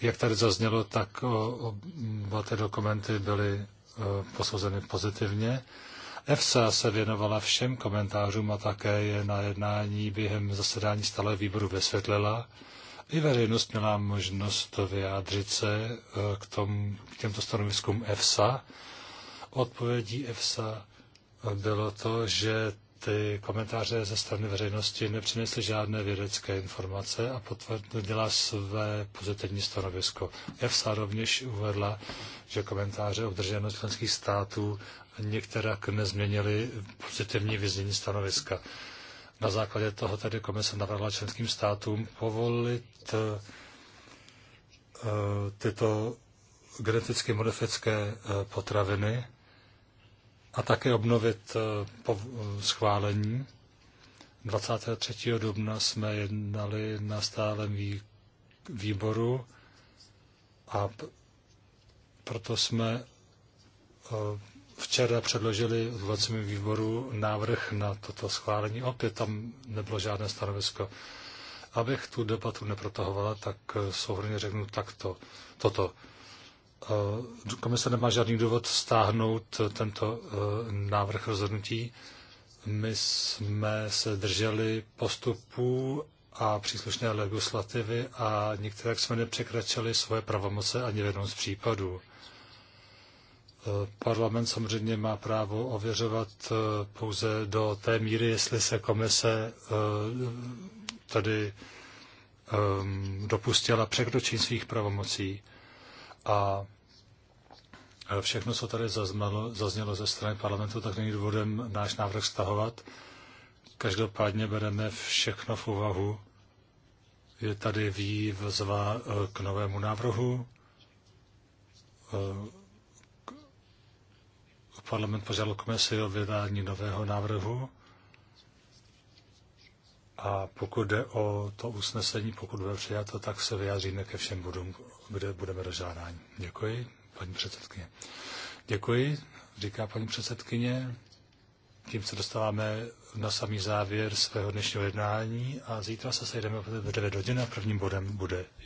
jak tady zaznělo, tak eh, oba ty dokumenty byly eh, posouzeny pozitivně. EFSA se věnovala všem komentářům a také je na jednání během zasedání stále výboru vysvětlila, i veřejnost měla možnost vyjádřit se e, k, tom, k těmto stanoviskům EFSA. Odpovědí EFSA bylo to, že ty komentáře ze strany veřejnosti nepřinesly žádné vědecké informace a potvrdila své pozitivní stanovisko. EFSA rovněž uvedla, že komentáře obdrženo členských států některak nezměnily pozitivní vyznění stanoviska. Na základě toho tedy komise navrhla členským státům povolit eh, tyto geneticky modifické eh, potraviny a také obnovit eh, schválení. 23. dubna jsme jednali na stálem výboru a proto jsme včera předložili odvolacímu výboru návrh na toto schválení. Opět tam nebylo žádné stanovisko. Abych tu debatu neprotahovala, tak eh, souhrně řeknu takto, toto. Eh, komise nemá žádný důvod stáhnout eh, tento návrh rozhodnutí. My jsme se drželi postupů a příslušné legislativy a některé jsme nepřekračili svoje pravomoce ani v jednom z případů. Parlament samozřejmě má právo ověřovat eh, pouze do té míry, jestli se komise eh, tady ehm, dopustila překročení svých pravomocí. A eh, všechno, co tady zaznělo, zaznělo ze strany parlamentu, tak není důvodem náš návrh stahovat. Každopádně bereme všechno v úvahu. Je tady výzva k novému návrhu Parlament požádal komisi o vydání nového návrhu a pokud jde o to usnesení, pokud bude přijato, tak se vyjádříme ke všem bodům, kde budeme dožádáni. Děkuji, paní předsedkyně. Děkuji, říká paní předsedkyně. Tím se dostáváme na samý závěr svého dnešního jednání a zítra se sejdeme v 9 hodin a prvním bodem bude